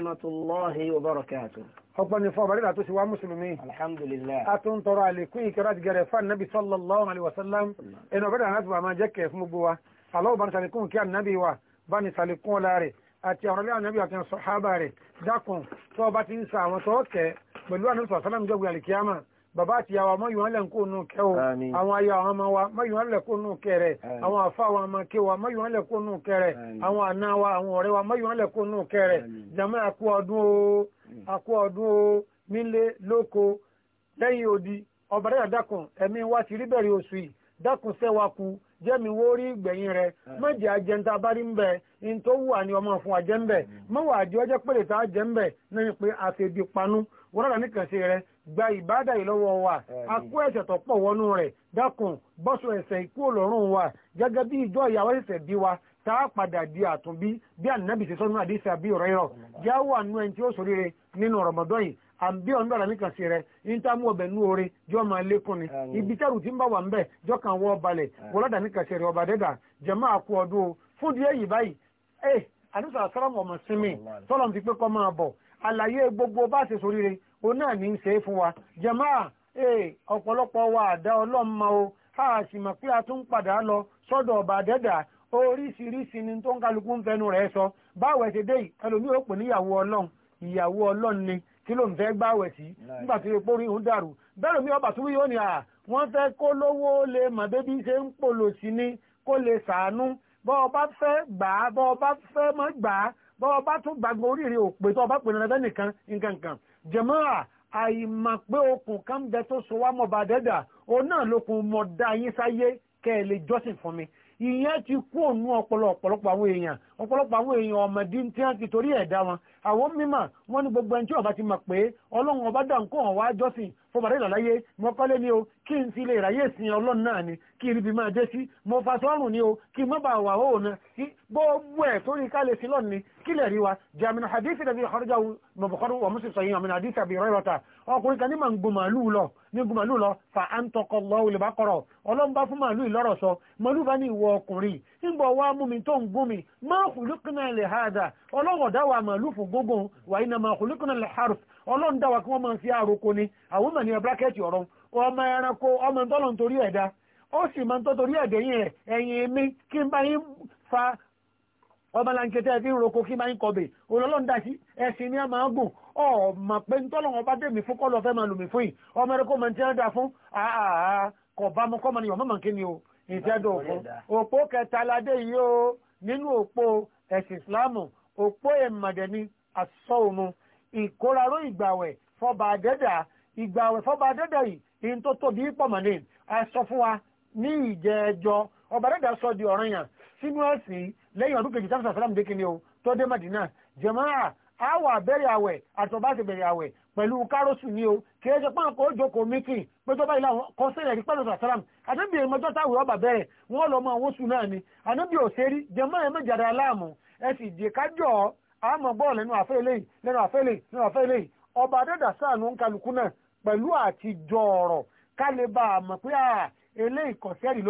rahmatullahi wa barakatuh. ọ̀pọ̀ ni fún ọ̀bàrílà tó ṣe wá mùsùlùmí. alhamdulillah. a tún tọrọ àlékún ìkẹ́rẹ́ àti gẹ̀rẹ́ fún anabi sallallahu alayhi wa sallam. ẹnu ọ̀bẹ̀rẹ̀ àná ti wà máa jẹ́ kẹ̀ fún gbogbo wa. aláwọ̀ bá ní sàlékún kí anabi wa bá ní sàlékún ọ̀la rẹ̀ àti àwọn ọ̀rẹ́lẹ́ àti sọ̀hábà rẹ̀ dákun tó ọba ti ń sa àwọn tó kẹ̀ pẹ̀lú anabi sallallahu bàbá àti ìyàwó yìí wọ́n lẹ̀ ń kó nù kẹ́ o àwọn aya àwọn ọmọ wa mọ́ yìí wọ́n lẹ̀ kó nù àwọn àwọn ọmọ kí wa mọ́ yìí wọ́n lẹ̀ kó nù àwọn àna wa àwọn ọ̀rẹ́ o àkú ọdún odi ẹ̀mí wa ti rí bẹ̀rẹ̀ oṣù yìí jẹ́mi rí gbẹ̀yìn mọ̀jẹ̀ ajẹ́ntà bá rí a jẹ́ gba ìbádà ìlọ́wọ́ wa tó pọ̀ wọnú rẹ̀ dákun bọ́sù ikú wa gẹ́gẹ́ bí ìjọ ìyàwó bí wa a padà di àtúnbí bí ànábì ṣe sọ́nù àdìsí àbí ọ̀rọ̀ ìrọ̀ jáwọ́ àánú ẹni tí ó ṣoríire nínú Ramadan àbí ọ̀nà ọ̀la nìkan sí rẹ̀ níta mú ọbẹ̀ nú jọ máa lékún ni ibi tẹ́rù tí ń bá wà ń bẹ̀ jọ kàn wọ́ balẹ̀ nìkan sí ọba di báyìí eh, o náà ní í ṣe é fún wa jàmáà eh, ọ̀pọ̀lọpọ̀ wa àdá ọlọ́mọ o a sì mọ̀ pé a tún padà lọ sọ́dọ̀ ọba àdẹ́dà oríṣiríṣi ni tó ń kálukú ń fẹnu rẹ̀ sọ báwẹ̀ ṣe dé ẹlòmíì ó pè níyàwó ọlọ́run ìyàwó ọlọ́run ni kí ló ń fẹ́ gbáwẹ̀ sí nígbà tó yẹ pórí òun dàrú bẹ́ẹ̀ lómi ọba tó yóò ní à wọ́n fẹ́ kó lówó lè mọ̀ débi ṣe ń pòlò sí ni kó lè sàánú bọ́ ọba fẹ́ gbà á bọ́ ọba fẹ́ mọ́ gbà á bọ́ ọba tún gbàgbọ́ oríire òpè tó ọba pè nínú ẹgbẹ́ nìkan nǹkan nǹkan jẹ̀mọ́ra àìmọ̀ pé okùn kan bẹ tó so wá mọ̀ bá dẹ́dà òun náà lókun mọ̀ dá yín sáyé kẹ́ ẹ lè jọ́sìn fún mi ìyẹn ti kú òun ọpọlọ ọ̀pọ̀lọpọ̀ àwọn èèyàn ọ̀pọ̀lọpọ̀ àwọn èèyàn ọ̀mọ̀dí tí wọ́n ti torí ẹ̀dá wọn àwọn mímọ̀ wọ́n ní gbogbo ẹni tí ọba ti mọ̀ pé ọlọ́run ọba dà kó hàn wá jọ́sìn fọbàdé ìlàláyé mo ni o kí n sì lè ráyè sin ọlọ́run náà ni kí n ríbi máa dé sí mo fa sọ́rùn ni o kí n má bàa wà òun náà kí gbogbo ẹ̀ sórí kálẹ̀ sí lọ́ọ̀ni kí lè rí wa jàmínà hadith nàbí ọ̀rọ̀jà mọ̀bùkọ́rù wà mùsùlùmí sọ̀yìn àmì hadith àbí ìrọ̀rọ̀ta fa à ń tọkọ lọ́wọ́ olùbákọ̀rọ̀ ọlọ́run bá fún màálù ìlọ́rọ̀ sọ màálù bá ní ìwọ nígbà wá mú mi tó ń gún mi máa kùlùkùnà lè hádà ọlọ́wọ̀ dáwà màálù fún gógùn wà iná máa kùlùkùnà lè harf ọlọ́run dáwà kí wọ́n máa fi àròkọ ni àwọn ọmọ ní abúlákẹ́ẹ̀tì ọ̀rọ̀ ọmọ ẹranko ọmọ tọ́lọ̀ nítorí ẹ̀dá ó sì máa ń tọ́torí ẹ̀dẹ̀yìn ẹ̀yìn mi kí n bá yín fa ọba lankẹtẹ fi ń roko kí máa ń kọbẹ olólùn dasi ẹsìn ni a máa gùn ọ mà pé ntọ́lọ́wọ́n bá dèmí fún kọ́lọ́ fẹ́ máa lùmí fún yìí ọmọ ẹ̀rọ kó máa ń dà fún àà kọ̀ bá mu kọ́ máa ní ọmọ màá ni o ìtẹ́dùn òpó òpó kẹtàládé yìí o nínú òpó ẹ̀sìn ìsìláàmù òpó èmàdẹ̀ni àsọ̀ọ̀mù ìkóraró ìgbàwẹ̀ fọba àdẹ́dà ìgbàwẹ̀ fọba àdẹ́dà yìí in tó tóbi pọ̀mọ̀lé aṣọ fún wa ní ìjẹ́ẹjọ́ ọba àdẹ́dà sọ di ọ̀ranyàn sínú ẹ̀sìn lẹ́yìn ọdún kejì sáfìsà sálàmù dékìní o tó dé Madina jẹ̀máà àwọ̀ àbẹ̀rẹ̀ àwẹ̀ àtọ̀bá pẹ̀lú kárọ́sù ní o kìí ṣe pọ́n kó jókòó mítìn pé tó báyìí láwọn kọ́ sílẹ̀ rí pẹ̀lú sàtàràm àdébì ìmọ̀jọ́ táwọn ọba bẹ̀rẹ̀ wọ́n lọ mọ àwọn oṣù náà ni àdébì òṣèré jẹmọ́ ẹ̀ méjàdá aláàmù ẹ sì jẹ́ kájọ́ àmọ́ bọ́ọ̀ lẹ́nu àfẹ́lẹ́ lẹ́nu àfẹ́lẹ́ lẹ́nu àfẹ́lẹ́ ọba adẹ́dà sáànù ń kálukú náà pẹ̀lú àtijọ́ ọ̀rọ̀ ká lè bá a mọ̀ pé ilé ìkọ̀sẹ́rì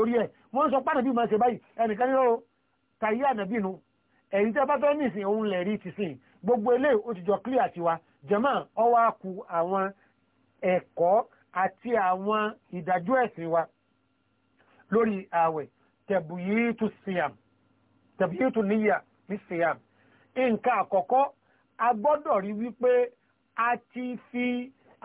gbogbo eléyìí ó ti jọ clear tiwa jẹ́mọ́ ọwọ́ akú àwọn ẹ̀kọ́ àti àwọn ìdájọ́ ẹ̀sìn wa lórí ààwẹ̀ tẹ̀bùyìtù síyàm tẹ̀bùyìtù níyà ní síyàm nǹkan àkọ́kọ́ a gbọ́dọ̀ rí wípé a ti fi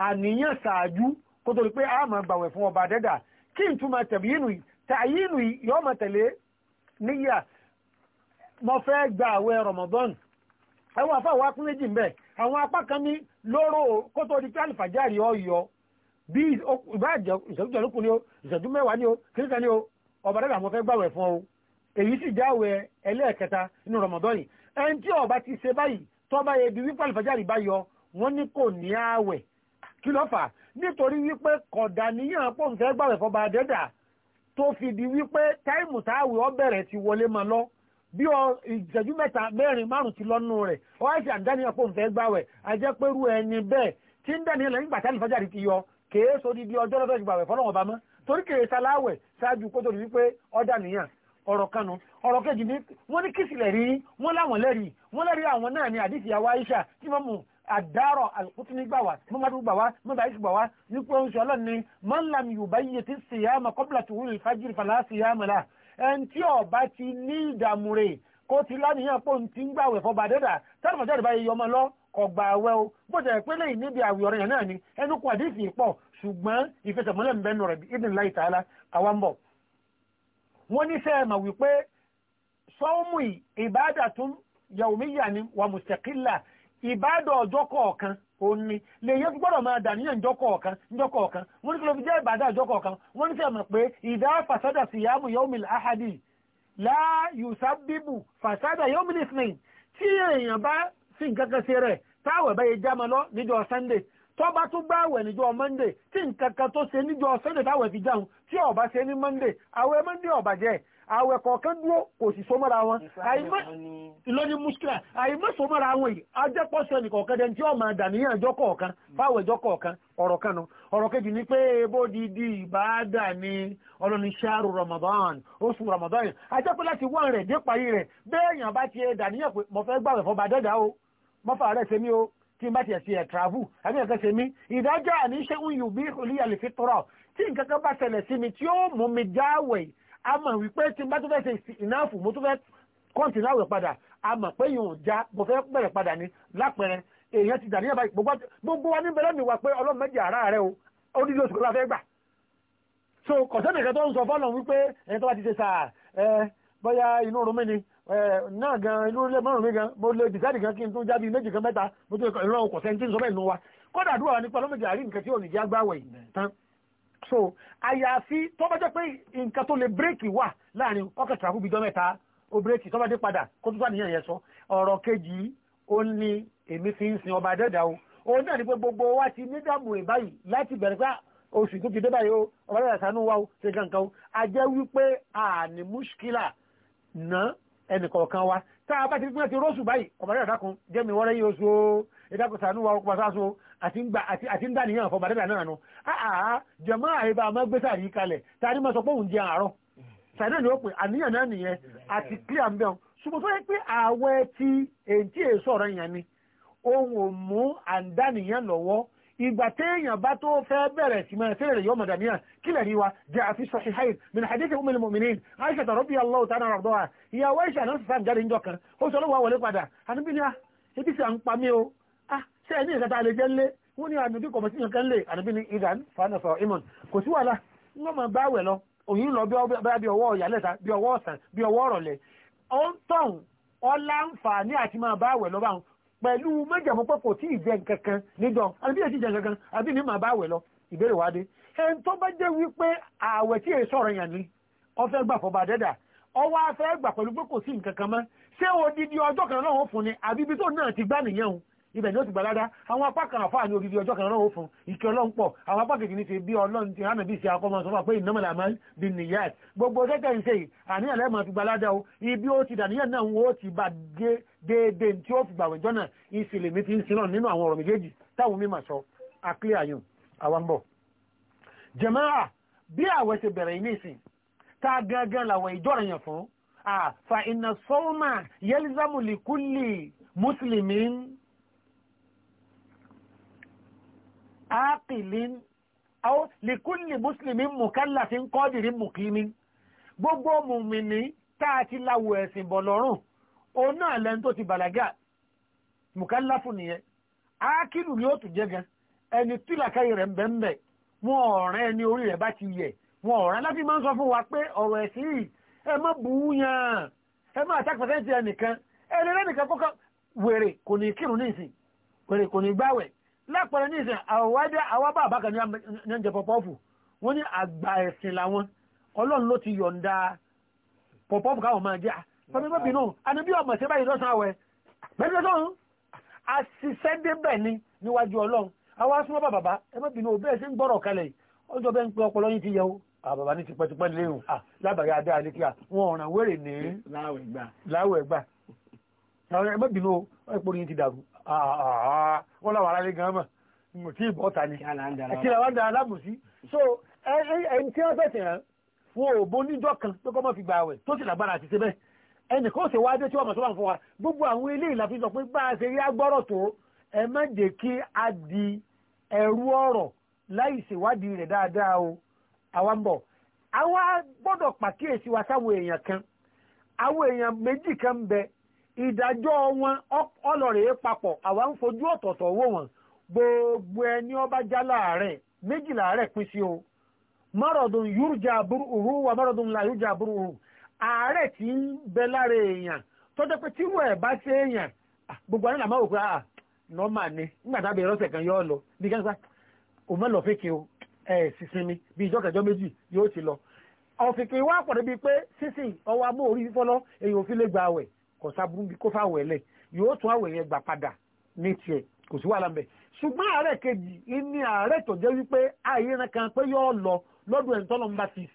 àníyàn ṣáájú kó tó rí pé a máa gbàwẹ̀ fún ọba dẹ́dà kí n túmọ̀ tẹ̀bùyìnù tàyínù yọ́ mọ̀ tẹ̀lé níyà mo fẹ́ gba àwẹ̀ Ramadan ẹwà fáwọn akún méjì ń bẹ́ẹ̀ àwọn apá kan ní lóró kó tó di pé àlùfàjáàrí ọyọ bí ìbáàjẹ ìṣẹ́jú tẹ̀lúkù ni ó ìṣẹ́jú mẹ́wàá ni ó kìrìtà ni ó ọba dẹ́gbà àwọn fẹ́ gbàwẹ̀ fún ọ èyí sì jáwẹ̀ ẹlẹ́ẹ̀kẹta inú rọmọdọ́nì ẹni tí ọba ti ṣe báyìí tọ́ba yẹ bí wípé àlùfàjáàrí bá yọ wọ́n ní kò ní ààwẹ̀ kí ló fà nítorí wípé kọ̀dà níyàn pọ̀ gbàwẹ̀ fọba dẹ́dà tó fi di wípé táìmù táàwẹ̀ ọ bẹ̀rẹ̀ ti wọlé máa lọ bí ọ ìṣẹ́jú mẹ́ta mẹ́rin márùn ti lọ́nù rẹ̀ ọ àìsí àdáni ọ̀pọ̀ òǹfẹ́ gbàwẹ̀ ajẹ́pẹ́rú ẹni bẹ́ẹ̀ tí ń dẹ̀ni ẹlẹ́yìn gbàtà nìfọ́jàrí ti yọ kèé sódi di ọjọ́ lọ́dọ̀ ìgbàwẹ̀ fọlọ́wọ́n bá mọ́ torí kèé saláwẹ̀ ṣáájú kó torí wípé ọ̀dà nìyàn ọ̀rọ̀ kanu ọ̀rọ̀ kejì ni wọ́n ní kìsìlẹ̀ rí wọ́n láwọn lẹ́rìí wọ́n lẹ́rìí àwọn náà ni àdìsí àwa Aisha tí wọ́n mú àdárọ̀ àkútúní gbà wá mọ́mọ́dún gbà wá mọ́mọ́dún àìsí gbà wá ní pé oṣù ọlọ́ni man lam yubayyitis siyama qabla tuwul fajr fala siyama lah ẹn tí ọba ti ní ìdààmú rẹ̀ kó ti lánìyàn pò ń ti ń gbàwẹ̀ fọba dẹ́dà sáré mọ̀jáde báyìí ọmọ lọ kọgbà awẹ́ o bó ṣe pé lẹ́yìn níbi àwẹ̀ náà ni ẹnu kún àdéhìsì pọ̀ ṣùgbọ́n ìfẹsẹ̀mọ́lẹ̀ ń rẹ̀ àwa ń bọ̀. wọ́n ní mà wípé ó ní lèyẹ gbọ́dọ̀ máa dà níyàn jọ́kọ̀ọ̀kan jọ́kọ̀ọ̀kan wọ́n ní kí ló fi jẹ́ ìbàdà jọ́kọ̀ọ̀kan wọ́n ní kí ẹ̀mọ̀ pé ìdá fàsádà sí yàmù yọ́mìl ahadi láyùsábíbù fàsádà yọ́mìl ismail tí èèyàn bá sí nǹkan kan sí rẹ̀ táwẹ̀ bá yẹ jámọ lọ níjọ́ sunday tó bá tún bá àwẹ̀ níjọ́ monday tí nǹkan kan tó ṣe níjọ́ sunday táwẹ̀ fi jáun tí ó ṣe ní monday àwẹ̀ monday ó àwẹ̀ kọ̀ọ̀kan dúró kò sì sọmọ́ra wọn ìlọ́ni muskila àìmọ́ sọmọ́ra wọn yìí ajẹ́pọ̀sẹ̀ nìkan kẹ́dẹ̀ tí ọmọ àdàníyàn ẹjọ́ kọ̀ọ̀kan hmm. fáwọn ẹjọ́ kọ̀ọ̀kan ọ̀rọ̀ kan ọ̀rọ̀ kejì ni pé bódi di ìbáàdà ni ọlọ́ni ṣáàrù Ramadan oṣù Ramadan ajẹ́ pé láti wọ́n rẹ̀ dé parí rẹ̀ bẹ́ẹ̀yàn bá ti dàníyàn pé mo fẹ́ gbàwẹ̀ fọba o mọ́fà rẹ̀ ṣe mí o tí n bá ti ẹ̀ sí ẹ̀ travel àbí ẹ̀kẹ́ ṣe mí ìdájọ́ àníṣe ń yù bí olúyàlè fi tọrọ tí nǹkan kan bá ṣẹlẹ̀ sí mi tí ó mú mi jáwèé a mọ̀ wípé tí n bá tó fẹ́ ṣe ìnáàfù mo tó fẹ́ kọ́ǹtì láwẹ̀ padà a mọ̀ pé yòó já mo fẹ́ bẹ̀rẹ̀ padà ní lápẹẹrẹ èèyàn ti dàníyàn báyìí gbogbo wa níbẹ̀ lónìí wa pé ọlọ́run méjì ara rẹ o ó nílò oṣù kọlá fẹ́ gbà so kọ̀sẹ́nì kan tó ń sọ fọ́nà wípé ẹni tó bá ti ṣe sáà ẹ bóyá inú rumi ni náà gan inú ilé márùn mi gan mo lè dìsáàdì gan kí n tún jábí méjì kan mẹ́ta mo tún ìran kọ̀sẹ́ntì ń sọ bẹ́ẹ̀ nù wa kódà àdúrà wa nípa ọlọ́mọdé àrí nǹkan tí ò ní jẹ́ agbáwẹ̀ tán so àyàfi tó bá jẹ́ pé nǹkan tó lè bírèkì wà láàrin kọ́kẹ́ tìràkù bíi dọ́mẹ́ta ó bírèkì tó bá dé padà kó tó sàníyàn yẹn sọ ọ̀rọ̀ kejì ó ní èmi fi ń sin ọba dẹ́dà o òun náà ni pé gbogbo wa ti ní dààmú ìbáyìí láti bẹ̀rẹ̀ pé ah, oṣù tó ti dé báyìí o ọba dẹ́dà sànú wa o ṣe kankan o a jẹ́ wípé àní múṣkìlà ná ẹnìkọ̀ọ̀kan wa tá a bá ti fi pín ẹ̀ ti róṣù báyìí ọba dẹ́dà dákun jẹ́mi wọ́rẹ́ yìí o o àti ń dà níyàn fọ́ bàdẹ́dà náà nù àà jẹ̀mọ́ àìbá ọmọ gbé sàrí kalẹ̀ tàbí mọ́ sọ pé òun jẹ àárọ̀ sàrí náà ni ó pè àníyàn náà nìyẹn àti clear mbẹ́ ṣùgbọ́n tó yẹ pé àwẹ̀ ti èyí èso ọ̀rọ̀ yẹn ni ohun ò mú àǹdàníyàn lọ́wọ́ ìgbà téèyàn bá tó fẹ́ bẹ̀rẹ̀ sí máa tẹ́rẹ̀ yọ mọ̀dàníyà kílẹ̀ ní wa jẹ́ àfi sahihayn min hadithi umil mu'minin aisha ta rabbi allah ta'ala rọ̀dọ́wà ìyàwó aisha náà sì sáà kan ó sọ lọ́wọ́ wọlé padà àníbí ibi sì à ń pa mí o ṣé ẹni ìkẹta lè jẹ́ lé wọ́n ní àdùn kíkọ̀ mọ̀sí ìyànkan lè àdùn bí ní idan fana sọ imon kò sí wàhálà wọ́n mọ̀ bá wẹ̀ lọ òyìn lọ bí ọwọ́ ìyálẹ̀ta bí ọwọ́ ọ̀sán bí ọwọ́ ọ̀rọ̀lẹ̀ ó ń tọ̀hún ọláǹfààní àti máa bá wẹ̀ lọ báwọn pẹ̀lú méjèmú pé kò tí ì jẹ nkankan níjọ àbí èyí ti jẹ nkankan àbí ní màá bá wẹ̀ lọ ìbéèrè wá dé ẹni tó bá jẹ́ wípé ààwẹ̀ tí èso ọ̀rọ̀ yàn ni ọfẹ́ gbà fọba dẹ́dà ọwọ́ afẹ́ gbà pẹ̀lú pé kò sí nkankan mọ́ ṣé odidi ọjọ́ kan náà wọ́n fún ni àbí ibi tó náà ti gbá nìyẹn o ibẹ̀ ni ó ti gbà ládá àwọn apá kan àfáà ní odidi ọjọ́ kan ọlọ́run fún ìkẹ́ ọlọ́run pọ̀ àwọn apá kejì ní ti bí ọlọ́run ti hánà bí ìṣe akọ́mọ sọ pé ìnámọ̀lá máa ń di nìyá gbogbo tẹ́tẹ́ ń ṣe yìí àníyàn lẹ́ẹ̀mọ̀ ti gbà ládá o ibi ó ti dàníyàn náà ó ti bà gé déédéé tí ó fi gbà wẹ̀jọ́ náà ìṣẹ̀lẹ̀ mi ti ń sinọ́ nínú àwọn ọ̀rọ̀ méjèèjì táwọn mímọ̀ sọ àkílẹ̀ àyùn àwọn bọ̀ jẹ̀máà bí àwẹ̀ ṣe bẹ̀rẹ̀ ilé ìsìn tá a gangan làwọn ìjọ́ranyàn fún fa inna sọ́ọ́mà yẹlizamuli kulli muslimin áàkìlín àwọn لكل مسلم مكلف قادر مقيم gbogbo mùmìnì tá a ti láwọ ẹ̀sìn bọ̀ lọ́rùn òun náà lẹ́nu tó ti bàlágà mùkálàfù nìyẹn áàkìlù ni ó tún jẹ́ gan ẹni tílàkàyè rẹ̀ ń bẹ̀ ń bẹ̀ wọn ọ̀rẹ́ ẹni orí rẹ̀ bá ti yẹ̀ wọn ọ̀rẹ́ láti máa ń sọ fún wa pé ọ̀rọ̀ ẹ̀sìn yìí ẹ má bùú yàn ẹ má attack percent ẹnìkan ẹni lẹ́nìkan kọ́kọ́ wèrè kò ní kírun ní ìsìn wèrè kò ní gbáwẹ̀ lápẹẹrẹ ní ìsìn àwọ̀wádá àwọn bàbá kan ní ẹ̀jẹ̀ pọ̀pọ́ọ̀fù wọ́n ní àgbà ẹ̀sìn làwọn ọlọ́run ló ti yọ̀ǹda pọ̀pọ́ọ̀fù káwọn máa jẹ́ pẹ̀lúbẹ̀bì náà àníbí ọmọ sí báyìí àwẹ̀ ni níwájú ọlọ́run àwọn asúnmọ́ bàbá bàbá ẹ̀mọ́bì náà bẹ́ẹ̀ sí ń gbọ́rọ̀ kalẹ̀ ọjọ́ bẹ́ẹ̀ ń pe ọpọlọ yín ti yẹ o àbàbà ah, ní tipẹ́tipẹ́ léhùn ah, lábàáyé adé àlékíà wọn ọ̀ràn wèrè ní láwẹ̀ gbà ẹ̀mọ́bì náà ẹ̀pọ̀ yín ti Ah, ah, ah. wọ́n làwọn aráalé gan mọ̀ mo tí ìbọn ta ni kí làwọn da alábùsí so ẹni tí wọ́n fẹ̀sẹ̀ hàn wọn ò bó níjọ́ kan tó kọ́ mọ́ fi gbà wẹ̀ tó sì lágbára àti ṣe bẹ́ẹ̀ ẹnì kan ṣe wáá dé tí wọ́n mọ̀ sọ́wọ́n fún wa gbogbo àwọn ilé ìlàfin sọ pé bá a ṣe rí agbọ́rọ̀ tó ẹ má jẹ́ kí a di ẹrú ọ̀rọ̀ láì ṣèwádìí rẹ̀ dáadáa o àwa ń bọ̀ àwa gbọ́dọ̀ pàkíyèsí wa sáwọn èèyàn kan àwọn èèyàn méjì kan ń ìdájọ́ wọn ọlọ́rẹ̀ papọ̀ àwa ń fojú ọ̀tọ̀ọ̀tọ̀ owó wọn gbogbo ẹni ọba já láàárẹ̀ méjì pín sí o mọ́rọ̀dún yúrùjà burúurú wà mọ́rọ̀dún la yúrùjà burúurú tí ń bẹ lára èèyàn tó jẹ́ pé tíwọ̀ gbogbo làmáwò pé nọ́mà ni nígbà tábí kan lọ bí mọ́ lọ o ẹ̀ bí méjì yóò lọ ọ̀fìnkì pọ̀ débi pé sísìn ọwọ́ fífọ́lọ́ ò fi lè kò sábúrú bí kó fáwọ̀ ẹ̀lẹ̀ yóò tún àwẹ̀ yẹn gbà padà ní tiẹ̀ kò sí wàhálà ń bẹ̀ ṣùgbọ́n ààrẹ kejì ní ààrẹ tó jẹ́ wípé àìríran kan pé yóò lọ lọ́dún ẹ̀ tọ́lọ́ ń bá ti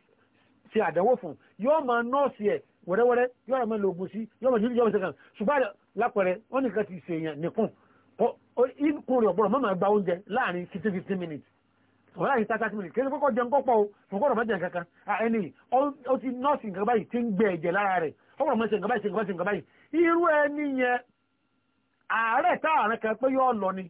ṣe àdánwò fún yóò máa nọ́ọ̀sì ẹ̀ wẹ́rẹ́wẹ́rẹ́ yóò rà máa lo oògùn sí yóò máa ṣe yóò máa ṣùgbọ́n lápẹẹrẹ wọ́n nìkan ti ṣe èèyàn nìkún ikùn rẹ̀ ọ̀bọ̀rọ̀ máa gba oúnjẹ láàrin fifteen fifteen minutes ọ̀rọ̀ àyíká thirty minutes kí ni kókó jẹun kọ́pọ̀ o kókó rọ̀ máa jẹun kankan ẹni ó ti nọ́ọ̀sì nǹkan báyìí ti ń gbẹ ẹ̀jẹ̀ lára rẹ̀ fọ́wọ́n mọ́ ṣe nǹkan báyìí ṣe nǹkan báyìí ṣe nǹkan báyìí irú ẹni yẹn ààrẹ tá kan pé yóò lọ ni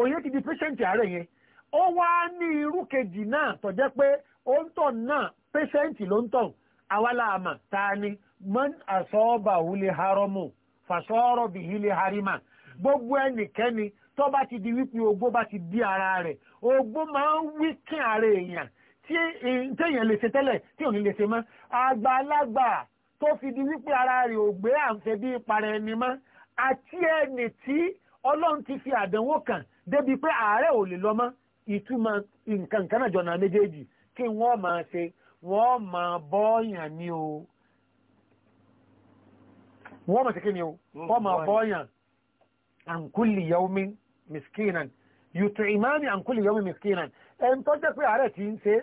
òye ti di pẹ́ṣẹ́ǹtì ààrẹ yẹn ó wá ní irú kejì náà tó jẹ́ pé ó ń tọ̀ náà pẹ́ṣẹ́ǹtì ló ń tọ̀ àwa ta ni mọ́n àsọ́ọ́bà wúlé harọ́mù fàṣọ́ọ́rọ̀ bì í lé harimá gbogbo ẹnikẹ́ni tó bá ti di wípé ogbó bá ti di ara rẹ̀ ogbó máa ń wí kí ààrẹ èèyàn tí èèyàn lè ṣe tẹ́lẹ̀ tí òun lè ṣe mọ́ àgbàlagbà tó fi di wípé ara rẹ̀ ò gbé bíi para ẹni mọ́ àti ẹni tí ọlọ́run ti fi àdánwò kàn débi pé ààrẹ ò lè lọ mọ́ ìtumọ̀ nǹkan kan náà jọ̀nà méjèèjì kí wọ́n máa ṣe wọ́n máa bọ́ọ̀yàn ni o wọ́n máa ṣe kí ni o wọ́n máa bọ́ọ̀yàn àǹkúlì yaomi miskinan yùtù ìmáàmì àǹkúlì yaomi miskinan ẹni tó jẹ́ pé ààrẹ ti ń ṣe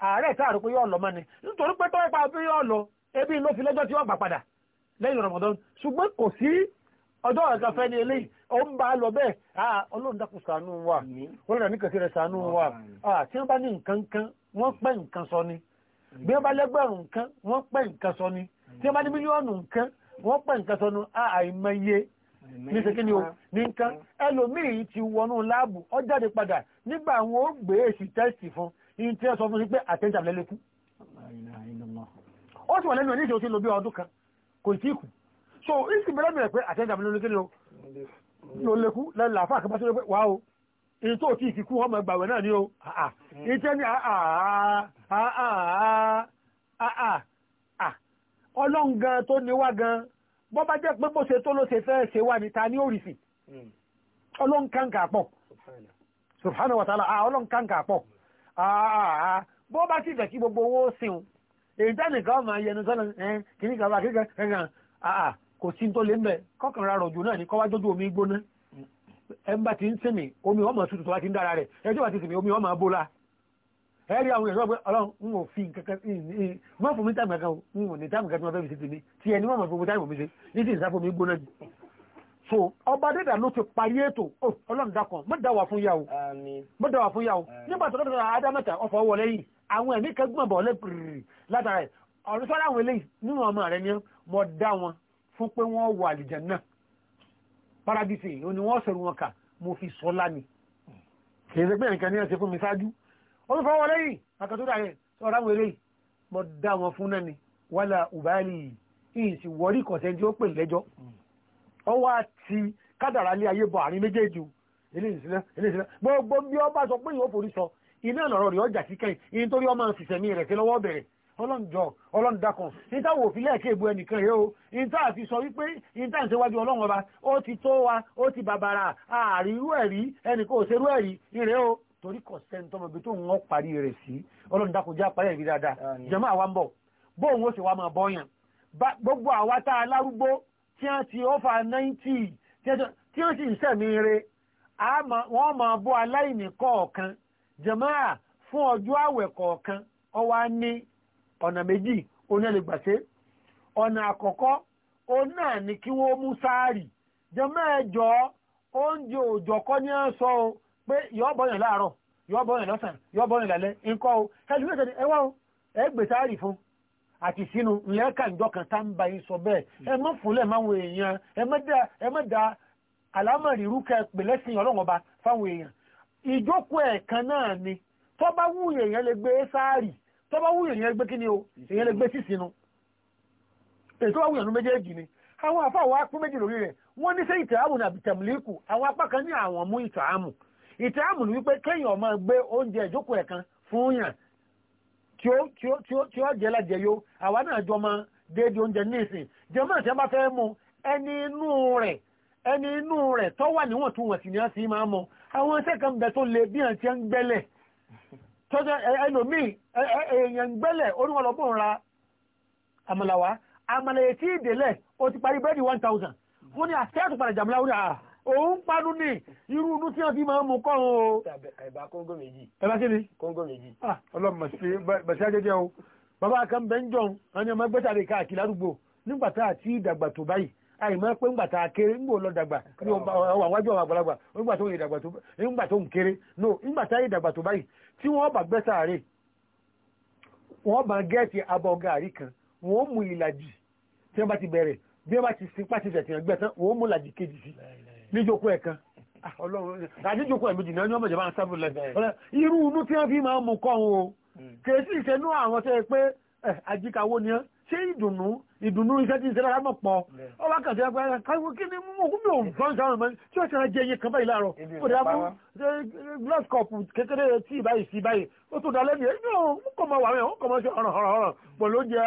ààrẹ tí àrùkú yóò lọ mọ́ ni nítorí pé tọ́wọ́ pa bí ebi ló fi lọ́jọ́ tí wọ́n gbà padà lẹ́yìn Ramadan ṣùgbọ́n kò sí ọjọ́ ọ̀gá fẹ́ ní eléyìí ó ń bá lọ bẹ́ẹ̀ ah ọlọ́run dákun ṣàánú wa wọ́n rẹ̀ ní kẹ̀kẹ́ rẹ̀ ṣàánú wa ah tí wọ́n bá ní nǹkan kan wọ́n pẹ́ nǹkan sọ ni bí wọ́n bá lẹ́gbẹ̀rún nǹkan wọ́n pẹ́ nǹkan sọ ni tí wọ́n bá ní mílíọ̀nù nǹkan wọ́n pẹ́ nǹkan sọ ni ah àìmọye ní ṣe kí ni o ní nǹkan ẹlòmíì ti wọnú láàbù ó jáde padà nígbà àwọn ó gbé èsì tẹ́sì fún ní tí wọ́n sọ fún sí pé àtẹ́jà lẹ́lẹ́kú ó sì wà lẹ́nu ẹ̀ ní ìṣòro tí lo bí ọdún kan kò tí kù so ìsì bẹ̀rẹ̀ bẹ̀rẹ̀ pé àtẹ́jà mi lórí kíni o ló lékú lẹ́la fún àkàbá sórí pé wà o èyí tó tí ìfikú ọmọ ìgbàwẹ̀ náà ni o ìtẹ́ ni ọlọ́run gan tó ní wá gan bọ́ bá jẹ́ pé bó ṣe tó ló ṣe fẹ́ ṣe wá ni ta ni ó rì sí ọlọ́run kàǹkà pọ̀ subhanahu wa ta'ala ọlọ́run kàǹkà pọ̀ bọ́ bá sì fẹ́ kí gbogbo owó sìn èyí tẹ́nìkan ọmọ ayẹnu sọ́nà ẹ̀ kìnnìkan bá kíkẹ́ ẹ̀yàn àà kò sí tó lé ń bẹ̀ kọ́kànlá rọ̀jò náà ní kọ́wá dójú omi gbóná ẹnba ti ń sinmi omi ọmọ tuntun tó bá ti ń dára rẹ̀ ẹjọ́ bá ti sinmi omi ọmọ abola ẹ̀rí àwọn ẹ̀rọ pé ọlọ́run ń wò fi kankan mọ́ fún mi táàmù kankan ń wò ní táàmù kankan tí wọ́n fẹ́ fi ṣe ẹni wọ́n fún mi táàmù mi ṣe ní ti ìsáfún mi gbóná jù. so ọba dẹ́dà ló ti parí ètò oh, ọlọ́run dákan mọ́ dáwà fún yà mọ́ dáwà fún yà nígbà tó dọ́dọ̀ adá ọ̀fọ̀ wọlé yìí àwọn ẹ̀mí kan gbọ̀n bọ̀ lẹ́pìrì látara ẹ̀ ọ̀rún sọ́dọ̀ àwọn eléyìí nínú ọmọ rẹ̀ ni mo dá wọn fún pé wọ́n wà àlìjẹ̀ náà paradise ò ní wọ́n sọ̀rọ̀ wọn kà mo fi sọ láni kì ṣe pé nǹkan ní ẹ̀sẹ̀ fún mi ṣáájú ó ń fọwọ́ lẹ́yìn àkàtúndà rẹ̀ sọ̀rọ̀ àwọn eléyìí mo dá wọn fún náà ni wàhálà ùbáàlì yìí sì wọ́rí kọ̀ọ̀tẹ́ tí ó pè lẹ́jọ́ ọwọ́ àti kádàrá lé ayé bọ̀ àárín méjèèjì eléyìí sílẹ̀ eléyìí sílẹ̀ gbogbo bí ọba sọ pé yóò forí iná lọ̀rọ̀ rí ọjà kíkẹ́ yìí nítorí ọmọ ìsìsẹ̀mí rẹ̀ sí lọ́wọ́ bẹ̀rẹ̀ ọlọ́njọ́ ọlọ́ndakùn níta wò fi lẹ́ẹ̀kẹ́ ìbú ẹnìkan yìí o níta àti sọ wípé níta ń ṣewájú ọlọ́run ọba ó ti tó wa ó ti bàbàrà àárírú ẹ̀rí ẹnìkan òṣèrú ẹ̀rí ire o torí kò sẹ́ni tọmọbi tó ń wọ́n parí rẹ̀ sí ọlọ́ndakùn jẹ́ àparí ẹ̀rí dáadáa jẹ́mọ́ àwa bọ̀ bóun jamaa fún ọjọ́ àwẹ̀ kọ̀ọ̀kan ó wá ní ọ̀nà méjì onílẹ̀gbàṣe ọ̀nà àkọ́kọ́ òun náà ni kí wọ́n mú sáárì jamaa ẹjọ́ oúnjẹ òòjọ́ kọ́ ní à ń sọ o pé yọ́ bọ́yàn láàárọ̀ yọ́ bọ́yàn lọ́sàn yọ́ bọ́yàn lálẹ́ nǹkan o ẹlùmíṣẹ́ ni ẹ wá o ẹ gbé sáárì fún àti sínú lẹ́ẹ̀ka ìjọ kan tá ń ba yín sọ bẹ́ẹ̀ ẹ mọ́ fúnlẹ̀ máwọn èèyàn ẹ mọ́ da àlámọ̀rì rúkẹ́ pèlẹ́sìn ọlọ́wọ́ba fáwọn èèyàn ìjókòó ẹ̀kan náà ni tó bá wù èèyàn lè gbé sáàrì tó bá wù èèyàn gbé kí ni o èèyàn lè gbé sísinu èyí tó bá wù èèyàn méjèèjì ni àwọn àfáà wa pín méjì lórí rẹ̀ wọ́n ní sẹ́ ìtààmù àbí tẹ̀mùlíkù àwọn apá kan ní àwọn mú ìtààmù ìtààmù ni wípé kéèyàn máa gbé oúnjẹ ìjókòó ẹ̀kan fún yàn tí ó tí ó tí àwa náà jọ máa déédéé oúnjẹ àti mu ẹni inú ẹni inú wà ni sì máa àwọn iṣẹ́ kan bẹ̀ tó lè bí ẹ̀ ti ń gbẹ́lẹ̀ tọ́jọ́ ẹlòmíì èèyàn gbẹ́lẹ̀ oníwọ̀lọ́bùn ra àmàlàwà àmàlàyé tí ìdèlẹ̀ ó ti parí bẹ́ẹ̀dì 1000 wọ́n ní àṣẹ́ẹ̀tù padà jàmìlá orí àà òun panu ní irú inú tí wọ́n fi máa ń mú kọ́run o. ẹ̀bà kóńgò méjì. ẹ̀bà kí ni. kóńgò méjì. ọlọ́mọ sí bàṣẹ ajẹjẹ o bàbá kan bẹ́ńjọ́n àwọn ọmọ ẹgbẹ́ta lè káàkiri àdúgbò nígbà tá àti ìdàgbà tó báyìí pé ńgbà tá a kéré ńgbà ò lọ dàgbà ní àwájú àwọn àgbàlagbà ńgbà tó yẹ no ńgbà tá dàgbà tó báyìí tí wọ́n bá gbẹ́ wọ́n bá gẹ́ẹ̀tì abọ́ gàrí kan wọ́n mú ìlàjì tí ti bí bá ti sin pàṣẹ wọ́n mú kejì sí níjókòó ẹ̀ kan ah, àdíjókòó ní wọn o hmm. ṣé ìdùnnú ìdùnnú iṣẹ́ tí ń ṣẹlẹ̀ lámọ̀ pọ̀ ọba kàtí ẹgbẹ́ káwọn kí ni mú kú mi ò gbọ́n sáwọn ọmọ tí ó ṣẹlẹ̀ jẹ iye kan báyìí láàárọ̀ ó dá mú glass cup kékeré tí báyìí sí báyìí ó tó dá lẹ́nu ẹ̀ ní òun kọ́ mọ wàwẹ̀ òun kọ́ mọ ṣe ọ̀ràn ọ̀ràn ọ̀ràn pọ̀ ló jẹ́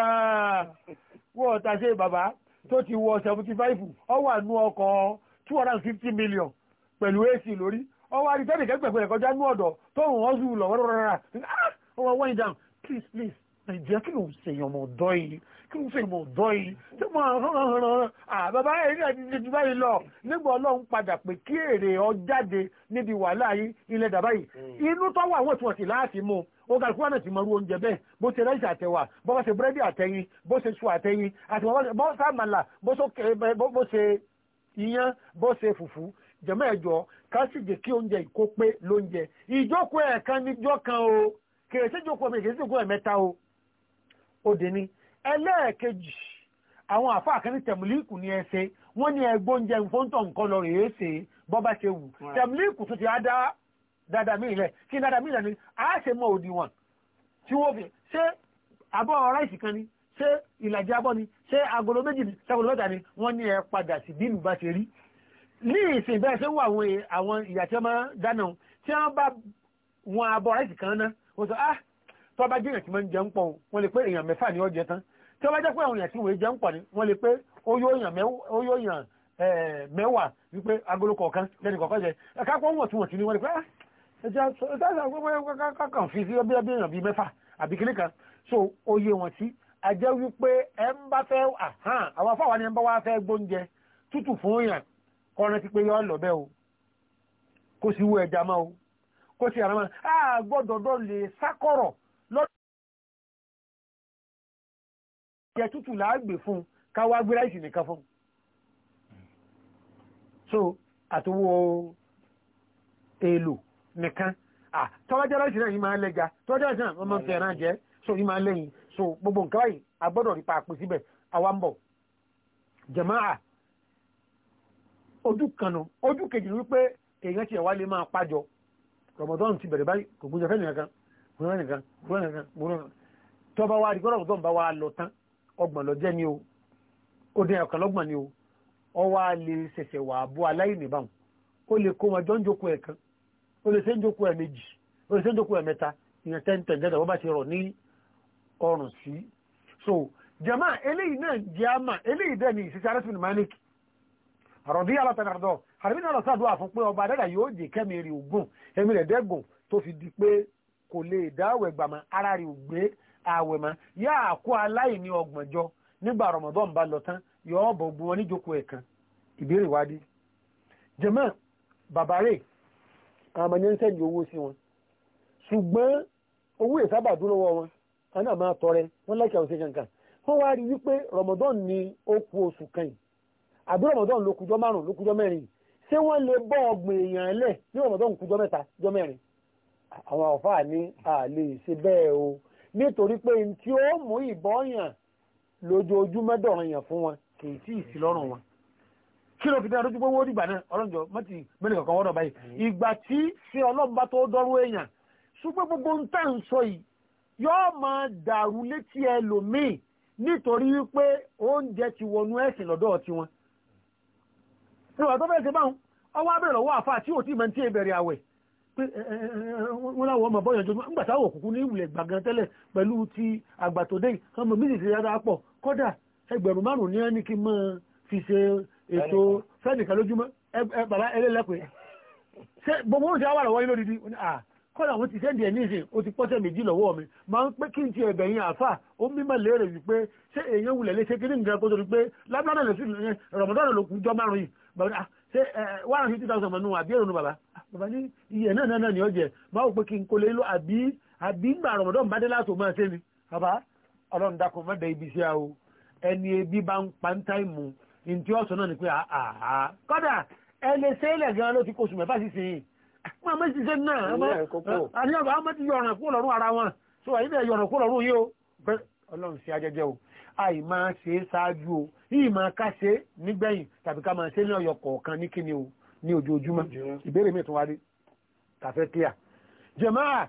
wọ́n ta ṣe bàbá tó ti wọ seventy five ọ wà nú ọkọ̀ two hundred and fifty million pẹ̀lú AC lórí ọ wá rí tẹ́lẹ̀ kẹ́gbẹ̀gbẹ̀ kọjá nú ọ̀dọ̀ tóun ọ̀zù lọ wọ́n rọra ọmọ ah, wọ́n down please please nàìjíríà kí ló ń ṣe èèyàn ọ̀dọ́ yìí kí ló ń ṣe èèyàn ọ̀dọ́ yìí tí mo ràn ràn àbàbá yẹn ní àdìdì ju báyìí lọ nígbà ọlọ́run padà pé kí èrè ọ jáde níbi wàhálà yìí ilẹ̀ dàbá yìí inú tó wà wọ́n tí wọ́n sì láàfin mu ó ga ìkúrò náà ti mọ irú oúnjẹ bẹ́ẹ̀ bó ṣe rẹ́sì àtẹwà bó ṣe búrẹ́dì àtẹyin bó ṣe su àtẹyin àti bó ṣe àmàlà bó ṣe iyán bó ṣe fùfú jẹ̀mọ́ ẹ̀jọ̀ ká sì jẹ́ kí oúnjẹ ìkó lóúnjẹ ìjókòó ẹ̀ẹ̀kan níjọ́ kan o kèrèsé jókòó mi kèrèsé jókòó ẹ̀mẹ́ta o òde ni ẹlẹ́ẹ̀kejì àwọn àfáà kan ní tẹ̀mílíkù ní ẹsẹ̀ wọ́n ní ẹgbó oúnjẹ nfóńtọ̀ nǹkan lọ rèé ṣe bọ́bá ṣe wù tẹ̀mílíkù tó ti á dá dáadáa mí ilẹ̀ kí n dáadáa mí ilẹ̀ ni a ṣe mọ òdiwọ̀n tí wọ́n fi ṣé abọ́ ráìsì kan ni ṣé ìlàjì abọ́ ni ṣé agolo méjì ni ṣé agolo mẹ́ta ni wọ́n ní ẹ padà sí bí ìlú bá ṣe rí ní ìsìn bẹ́ẹ̀ ṣé wọ́n àwọn ìyà tí wọ́n máa dáná tí wọ́n bá wọn abọ́ ráìsì kan ná wọ́n sọ ah tó bá jẹ́ ìrìnàtí máa ń jẹ ń pọ̀ wọ́n lè pé èèyàn mẹ́fà ni ó jẹ tán tí ó bá jẹ́ pé àwọn èèyàn tí wọ́n jẹ ń pọ̀ ni wọ́n lè pé ó yóò yàn mẹ́wàá wípé agolo kọ̀ọ̀kan lẹ́nu kọ̀ọ̀kan jẹ kápọ̀ wọ̀n tí wọ́n ti ní wọ́n lè pé ẹja kàn fi sí ọbẹ̀ ẹbí èèyàn bíi mẹ́fà àbí kíní kan so oyè wọn tí a jẹ́ wípé ẹ ń bá fẹ́ àwọn afáwa ni ẹ ń bá wá fẹ́ gbóúnjẹ tútù fún èèyàn kọ́ran ti pé yọ lọ́bẹ̀ o kó sì wú ẹja máa o kó sì àrà máa gbọ́dọ̀ lè sákọ̀rọ̀ lọ́dún jẹ tútù láàgbè fún káwá gbé ráìsì nìkan fún so àtúwò èlò nìkan tọ́wọ́jẹ́ ráìsì náà yìí máa lẹ́ja tọ́wọ́jẹ́ ráìsì náà wọ́n máa ń fẹ́ so yìí máa lẹ́yìn so gbogbo nǹkan báyìí a gbọ́dọ̀ rí paapò síbẹ̀ àwa ń bọ̀ jàmáà ojú kanu ojú kejì wípé èèyàn tiẹ̀ wá lè máa pàjọ rọ̀mọ̀dọ́n ti bẹ̀rẹ̀ báyìí kò gbúdọ̀ fẹ́ nìkan múná nìkan múná nìkan múná nìkan tó bá wá rí gbọ́dọ̀ tó ń bá wá lọ tán ọgbọ̀n lọ jẹ́ ni o ó dín ọ̀kan lọ́gbọ̀n ni o ọ wá lè ṣẹ̀ṣẹ̀ wà bó aláìní báwọn ó lè kó wọn jọ ń jókòó ẹ̀ kan ó lè ṣe ẹ̀ méjì ó lè ṣe ẹ̀ mẹ́ta ìyẹn tẹ́ntẹ̀ jẹ́dọ̀ bá ṣe rọ̀ ní ọrùn sí so jama eléyìí náà jẹ́ àmà eléyìí dẹ́ ni ìṣiṣẹ́ arẹ́sìn malik àròbí alátànàdọ̀ àròbí náà lọ sáàdúrà fún pé ọba adẹ́gà yóò jẹ́ kẹ́mi rí ẹ̀mí rẹ̀ dẹ́gùn tó fi di pé kò lè dá àwẹ̀ gbà mọ́ ara rẹ̀ ò gbé àwẹ̀ mọ́ yá àkó aláìní ọgbọ̀njọ́ nígbà rọmọdún bá lọ tán yọ̀ọ́ bọ̀ gbọ́n níjókòó ẹ̀kan ìbéèrè wádìí jẹ́mọ́ bàbá rẹ̀ àmọ́ ní owó sí wọn ṣùgbọ́n owó ìsábà dúró wọ wọn a náà máa tọrẹ wọn láìka òṣèṣe nǹkan wọn wá rí wípé rọmọdún ni ó kù oṣù kan yìí àbí rọmọdún ló kujọ márùn ló kùjọ mẹ́rin ṣé wọn lè bọ ọgbìn èèyàn ẹlẹ ní rọmọdún kùjọ mẹ́ta jọ mẹ́rin àwọn àfáà ní àlè ṣe bẹ́ẹ̀ o nítorí pé n tí ó mú ìbọ́yàn lójoojúmọ́ dọ̀rọ̀ yàn fún wọn kì í tí ì sí lọ́rùn wọn kí ló fi dá lójú pé wọ́n dìgbà náà ọlọ́njọ́ mọ́tì mẹ́lẹ̀ kankan wọ́n dọ̀bá yìí ìgbà tí ṣe ọlọ́mọba tó dọ́rú èèyàn ṣùgbọ́n gbogbo ń tà ń sọ yìí yóò máa dàrú létí ẹlòmíì nítorí wípé oúnjẹ ti wọnú ẹ̀sìn lọ́dọ̀ tiwọn. ìwà tó fẹ́ẹ́ ṣe báwọn ọwọ́ abẹ́rẹ́ lọ́wọ́ àfa tí ò tí ì àwẹ̀ pé wọ́n láwọ́ ọmọ bọ́yàn jọmọ́ ńgbàtà òkùnkùn ní ìwùlẹ̀ gbàgán tẹ́lẹ̀ pẹ̀lú ti àgbàtòdé ọmọ méjì ti dáadáa pọ̀ kọ́dà ẹgbẹ̀rún márùn-ún ní ẹni kí mọ́ fi ṣe ètò fẹ́nìkan lójúmọ́ bàbá ẹlẹ́lẹ́pẹ́ ṣe gbogbo oúnjẹ wà lọ́wọ́ yín lódìdí kọ́dà wọ́n ti sẹ́ndì ẹ̀ níṣe o ti pọ́sẹ̀ méjì lọ́wọ́ mi máa ń pé kí n ti ẹ̀bẹ̀ yín àáfà ó mímọ̀ léèrè wípé ṣé èèyàn wulẹ̀ lè ṣe kí ní nǹkan kó tó di pé lábẹ́rẹ́ lè sí rọ̀mọdọ́rọ̀ ló kún jọ márùn-ún yìí ṣe one hundred fifty thousand mọ̀nù àbí èrò nu bàbá ah, bàbá ní iye náà náà ni ó jẹ máa wò pé kí n kò lè lọ àbí àbí gbà rọ̀mọ̀dọ́ mbadé látò máa ṣe ni bàbá ọlọ́run dákun má da ibi iṣẹ́ o ẹni ebi bá ń pa ń táìmù ntí ọ̀sán náà ni pé àhà kọ́dà ẹni sẹ́lẹ̀ gan ló ti kóṣù mẹ́fà sísìn máa mọ́ ṣiṣẹ́ náà àti ọgbà á mọ́ ti yọ̀ràn kúrò lọ́rùn ara wọn so àyíbẹ̀ yọ̀ràn kúrò lọ́rùn yìí o ọlọ́run ṣe ajẹjẹ o àì yìí máa ká ṣe nígbẹ̀yìn tàbí ká máa ṣe ní ọyọ kọ̀ọ̀kan ní kíni o ní ojoojúmọ́ ìbéèrè mi tún wá dé tàfẹ́ clear jẹ̀máà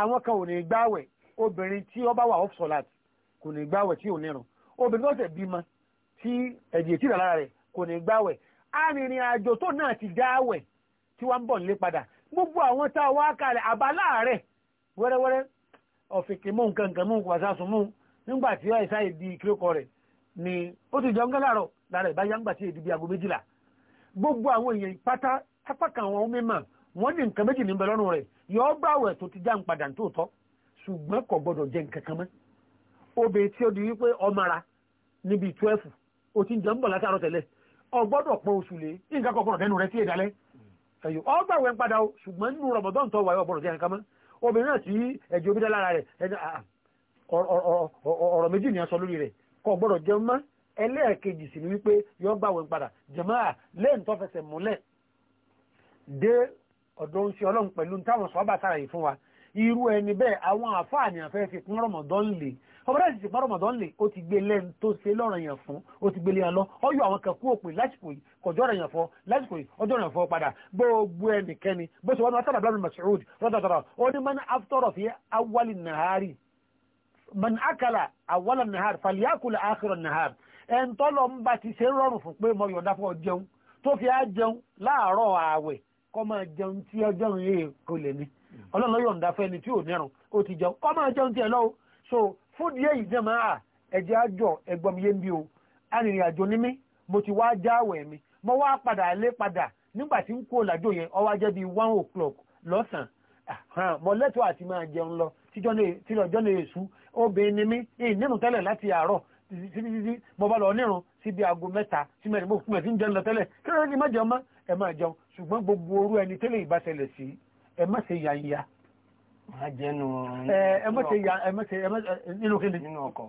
àwọn kan ò ní gbáwẹ̀ obìnrin tí ó wà off solat kò ní gbáwẹ̀ tí ò nírun obìnrin tó tẹ̀ bímọ tí ẹ̀jẹ̀ tí ìdàlára rẹ̀ kò ní gbáwẹ̀ arìnrìn àjò tó náà ti dáwẹ̀ tí wọ́n ń bọ̀ nílé padà gbogbo àwọn tá a wá kalẹ̀ àbálá rẹ̀ wẹ́rẹ́wẹ́rẹ́ ọ̀fìnkì mú nǹkan nǹkan mú nǹkan wàsásùn mú nígbà tí ó ẹ̀sà ìdí ìkírókọ rẹ̀ ni ó ti jẹun gẹ́láàrọ̀ lára ìbáyá ń gbà sí èdè bí aago méjìlá gbogbo àwọn èèyàn pátá apákan àwọn mímọ̀ wọ́n ní nǹkan méjì níbẹ̀ lọ́rùn rẹ̀ yọ gbàwẹ̀ tó ti já ń padà tó tọ́ ṣùgbọ́n kò gbọ́dọ̀ jẹ nǹkan kan mọ́ obè tí ó di wípé ọmọra níbi twelve ó ti ń jẹun bọ̀ látàrọ̀ tẹ́lẹ̀ ó gbọ́dọ̀ pọ̀ oṣù lé nǹkan kọ̀ọ̀kan dẹnu rẹ̀ sí ìdálẹ́ ẹ̀yọ́ ó gbàwẹ̀ ń padà o ṣùgbọ́n nínú Ramadan tó wáyé ó gbọ́dọ̀ jẹ nǹkan mọ́ obìnrin náà sí ẹ̀jẹ̀ obìnrin lára rẹ̀ ọ̀rọ̀ méjì ni a sọ lórí rẹ̀ kò gbọ́dọ̀ jẹun mọ́ ẹlẹ́ẹ̀kejì sì ni wípé yọ bá wọn padà jẹ̀mọ́ lẹ́yìn tó fẹsẹ̀ múlẹ̀ dé ọ̀dọ̀ ń ṣe ọlọ́run pẹ̀lú táwọn sọ́ọ́bà sàràyè fún wa irú ẹni bẹ́ẹ̀ àwọn àfáàní àfẹ́ fi pín rọmọdán lè ọmọdé sì ti pín rọmọdán lè ó ti gbé lẹ́nu tó ṣe lọ́rọ̀ yẹn fún ó ti gbélé yẹn lọ ọyọ àwọn kan kú òpin lásìkò yìí kọjọ́ rẹ̀ yẹn fọ lásìkò yìí ọjọ́ rẹ̀ fọ padà gbogbo ẹnikẹ́ni bó ṣe wọn ní wọn sábà bẹ́ẹ̀ ni Mas'ud rọ́dọ̀dọ̀rọ̀ ó ní mọ́ni aftọ́rọ̀ fi awwali nahari man akala awala nahar falyakula akhira nahar ẹn ti ṣe rọrùn fún pé mọ yọ̀dá fi á jẹun láàárọ̀ ààwẹ̀ kọ́ máa jẹun tí ọjọ́run yìí kò lè ní ọlọ́run ti jẹun so fún díẹ̀ yìí jẹ́ máa ẹ̀jẹ̀ àjọ ẹ̀gbọ́n mi yé ń bí o mo ti wá jáwẹ̀ mi mo one o'clock mo obìnrin ni mí nínú tẹ́lẹ̀ láti àárọ̀ títí títí mo bá lọ nírun sí bí aago mẹ́ta sí mẹ́rin mo fún ẹ̀ tí ń jẹun lọ tẹ́lẹ̀ kí ló ní má jẹun mọ́ ẹ máa jẹun ṣùgbọ́n gbogbo orú ẹni tẹ́lẹ̀ ìbáṣẹlẹ̀ sí ẹ má ṣe yanya. ẹ má ṣe ya ẹ má ṣe ẹ má nínú kíni. nínú ọkọ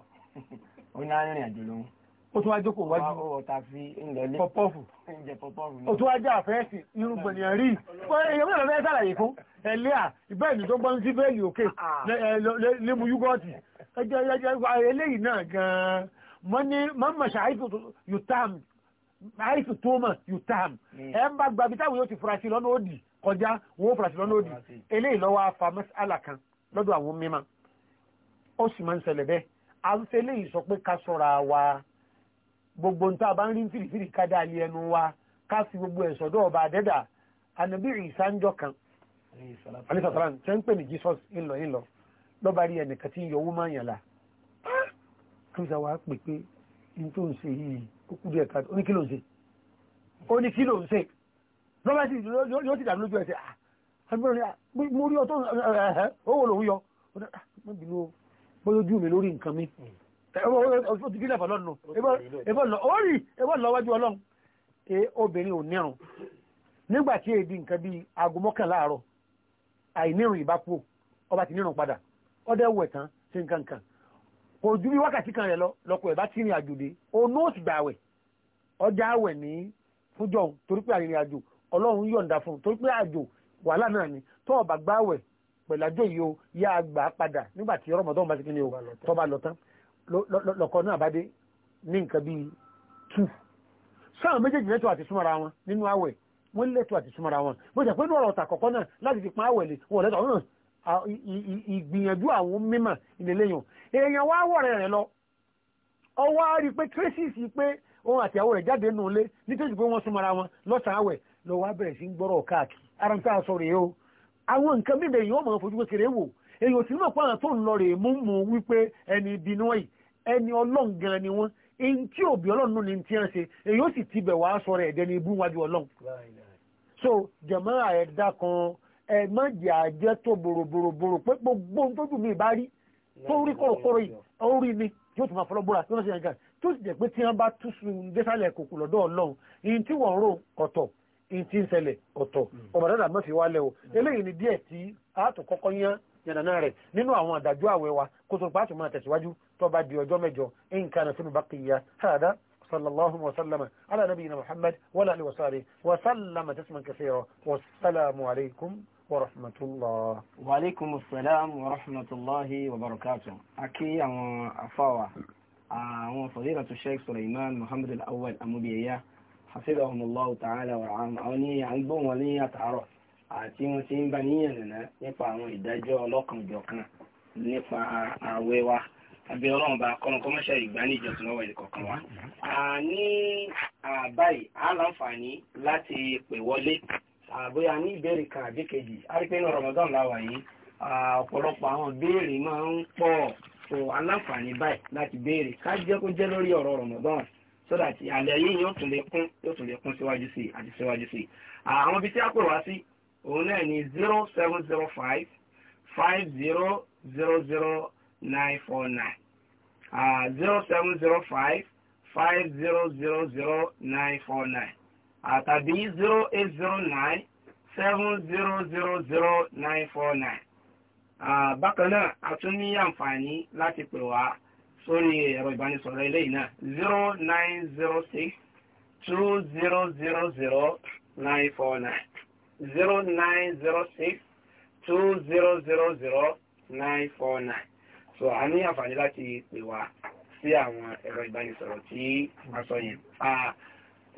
ó ní arìnrìn àjò lóhun. ó tún wá jókòó wájú. ó wọ tàfi ńlọlé. pọpọ́fù ó tún wá já àfẹ́sì irúgbọ̀n ni rí. èyí mẹ́rin fẹ́ sàlàyé fún ẹ̀lẹ́à ìbẹ́ẹ̀ ẹjọ́ ẹjọ́ eléyìí náà gan-an mọ́ ní mọ́mọ́ ṣàìsù yutam ṣàìsù tómọ̀ yutam hmm. ẹ̀ ń bá gbàbí táwọn yóò ti furasí lọ́nà òdì kọjá wọ́n furasí lọ́nà òdì hmm. eléyìí lọ́wọ́ afa mẹ́sàlá kan lọ́dọ̀ àwọn mímọ́ ó sì máa ń ṣẹlẹ̀ bẹ́ẹ̀ à ń fẹ́ léyìí sọ pé ká sọ̀rọ̀ wa gbogbo ń tá a bá ń rí fìrìfìrì ká dá ilé ẹnu wa ká fi gbogbo ẹ̀ sọ́dọ̀ ọba àdẹ́dà ànàbí ìsáńjọ kan alẹ́ sàtàrà ń pè ní Jesus ńlọ ńlọ lọ́ba rí ẹnìkan tí ń yọwó máa yàn la kírísà wa pè pé n tó ń ṣe yìí ó kú díẹ̀ káàdì kí ló ń ṣe ó kí ló ń ṣe lọ́ba ah, ni ah, mo rí ọtọ́ eh, eh, eh, ó wò lòun yọ mo bínú o bóyá ojú mi lórí nǹkan mi hmm. ó ti gílẹ̀ fọlọ́n nù ó rí ebó lọ́wọ́jú ọlọ́run èdè nǹkan bíi aago mọ́kànlá àárọ̀ àìnírun ìbá ọba ti nírun padà ọdẹ wẹ̀ tán ṣe nǹkan kan kò ju bí wákàtí kan rẹ̀ lọ lọ́kọ̀ ẹ̀ bá ti rìn àjò dé òun ó sì gbàwẹ̀ ọjà àwẹ̀ ní fújọ́ torí pé àrìnrìn àjò ọlọ́run yọ̀ǹda fún torí pé àjò wàhálà náà ni tó ọba gbàwẹ̀ pẹ̀lú àjò yìí o yá gbà á padà nígbà tí rọmọdún bá ti kí ni o tó bá lọ tán lọ́kọ náà bá dé ní nǹkan bíi two sáwọn méjèèjì lẹ́tọ̀ àti súnmọ́ra wọn nínú àwẹ̀ wọ́n lẹ́tọ̀ àti súnmọ́ra wọn mo jẹ́ pé ní ọ̀rọ̀ ọ̀tà àkọ́kọ́ náà láti fi pọn àwẹ̀ lè wọ̀ lẹ́tọ̀ náà ìgbìyànjú àwọn mímọ̀ ìlélẹ́yìn èèyàn wá wọ̀rẹ̀ rẹ̀ lọ ọwọ́ á rí i pé tracy pé òun àti àwọn rẹ̀ jáde nù lé nítorí pé wọ́n súnmọ́ra wọn lọ́sàn-án àwẹ̀ lọ́wọ́ á bẹ̀rẹ̀ sí ń gbọ́rọ̀ káàkiri ara ń tà sọ rèé o àwọn nǹkan bíbẹ̀ yìí wọ́n mọ̀ fojú kékeré wò èèyàn tí náà pààrọ̀ tó ń lọ rèé mú mú wípé ẹni ibi ni wọ́n yìí ẹni ọlọ́run gan ni wọ́n èyí tí òbí ọlọ́run nù ní ti hàn ṣe èyí ó sì ti bẹ̀ wá sọ rẹ̀ ẹ̀dẹ́ni ibú wájú ọlọ́run so jẹ̀mọ́ àẹ̀dá kan ẹ má jẹ́ àjẹ́ tó bòròbòròbòrò pé gbogbo ohun tójú mi bá rí tó rí kòròkòrò yìí orí mi yóò tún máa fọlọ́ búra tí wọ́n ṣe yàgà tó sì jẹ́ pé tí wọ́n bá túṣu désàlẹ̀ kòkò lọ́dọ̀ ọlọ́run ìyìn tí wọ́n ń rò ọ̀tọ̀ ìyìn tí ń ṣẹlẹ̀ ọ̀tọ̀ hmm. ọ̀bàdàdà má fi wálẹ̀ o hmm. eléyìí ni díẹ̀ tí àátò kọ́kọ́ yán yànnà rẹ̀ nínú àwọn àdájọ́ àwẹ̀ wa kó tó pàtó máa tẹ̀síwájú tó bá di ọjọ́ mẹ́jọ nǹkan àti olùbákìyà hàdá صلى الله وسلم على نبينا محمد وعلى اله وصحبه وسلم تسليما كثيرا والسلام عليكم ورحمة الله وعليكم السلام ورحمة الله وبركاته أكي أفاوة أم fadilatu الشيخ سليمان محمد الأول أم amúbíyá hafidhahum الله تعالى wa أوني عندهم ní à ń gbóhùn wọn ní àtàárọ̀ àti wọn ti ń bá níyàn nìna nípa àwọn ìdájọ́ ọlọ́kanjọ̀kan nípa ààwẹ̀ wa àbí ọlọ́run bá kọ́nà kọ́mọ́ṣẹ́ ìgbàanìjọ tó lọ́wọ́ ìkọ̀kan wa. a ní báyìí a láǹfààní láti pè wọlé àbóyá ní ìbéèrè kan àbíkejì arípé inú Ramadan làwà yìí ọ̀pọ̀lọpọ̀ àwọn béèrè máa ń pọ̀ tó aláǹfààní báyìí láti béèrè ká jẹ́ kó jẹ́ lórí ọ̀rọ̀ Ramadan so that àlẹ́ yìí yóò tún lè kún yóò tún lè kún síwájú sí i àti síwájú sí i àwọn ibi tí a pè wá sí òun náà ni zero seven zero five five zero zero zero nine four nine zero seven zero five five zero zero zero nine four nine. àtàbí zero eight zero nine seven zero zero zero nine four nine. bákan náà a tún ní àǹfààní láti pè wá sórí ẹ̀rọ ìbánisọ̀rọ̀ eléyìí náà zero nine zero six two zero zero zero nine four nine zero nine zero six two zero zero zero nine four nine so a ní àǹfààní láti pè wá sí àwọn ẹ̀rọ ìbánisọ̀rọ̀ tí a sọ yẹn.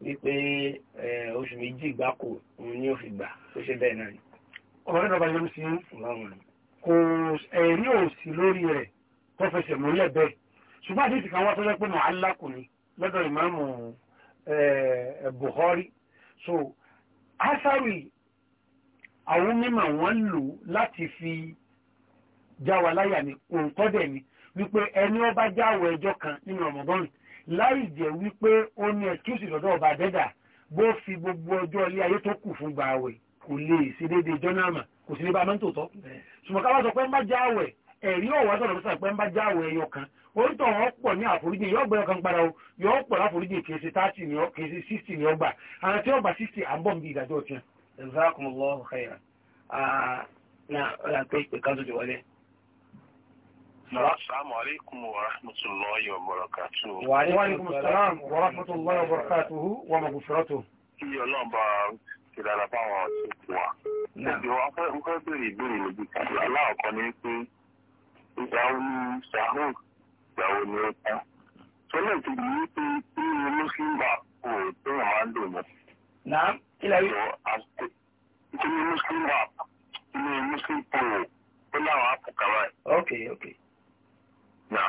wípé oṣù méjì gbáko òun ni fi gbà tó ṣe bẹ́ẹ̀ náà ni. si bàbá yóò sí kò ẹ̀rí ò sí lórí rẹ̀ tó fẹsẹ̀ múlẹ̀ bẹ́ẹ̀ ṣùgbọ́n àdéhùn kan wá tó lẹ́pẹ́ mọ́ so asari àwọn mímọ̀ wọ́n lò láti fi jáwa láyà ní òǹtọ́dẹ̀ ni wípé ẹni ọba jáwọ ẹjọ́ kan nínú láì jẹ́ wípé ó ní ẹ̀kíṣì lọ́dọ̀ ọba dẹ́dà bó fi gbogbo ọjọ́ ilé ayé tó kù fún gbààwẹ̀ kò lè ṣe déédéé jọ́nàmà kò sí ní bá mẹ́tò tọ́ ṣùgbọ́n ká wá sọ pé ń bá jáwẹ̀ ẹ̀rí ọ̀wá sọ̀rọ̀ pé sàpẹ́ ń bá jáwẹ̀ ẹyọ kan orítọ̀ wọn pọ̀ ní àforíjì yóò gbẹ́ ọkàn padà o yóò pọ̀ láforíjì kìí ṣe thirty ní ọ kìí ṣe sixty ní ọgbà àwọn tí ọgbà sixty à ń bọ̀ níbi ìdájọ́ tiẹ̀. ẹ̀fọ́ àkùnmọ̀ lọ́wọ́ Assalamu alaikum wa rahmatullahi wa barakatuhu. Wa alaikum assalam wa rahmatullahi wa barakatuhu wa maghfiratuhu. Kí ọlọ́ba ti dára báwọn ṣe kù wa. Ẹ̀bí wa fẹ́ ń fẹ́ bèrè ìbéèrè méjì kan. Aláàkọ́ ni pé ìgbà wo ni Sahun ìgbà wo ni ó tán. Sọlá ìkejì ní pé kí ni Muslim bá Okay, okay náà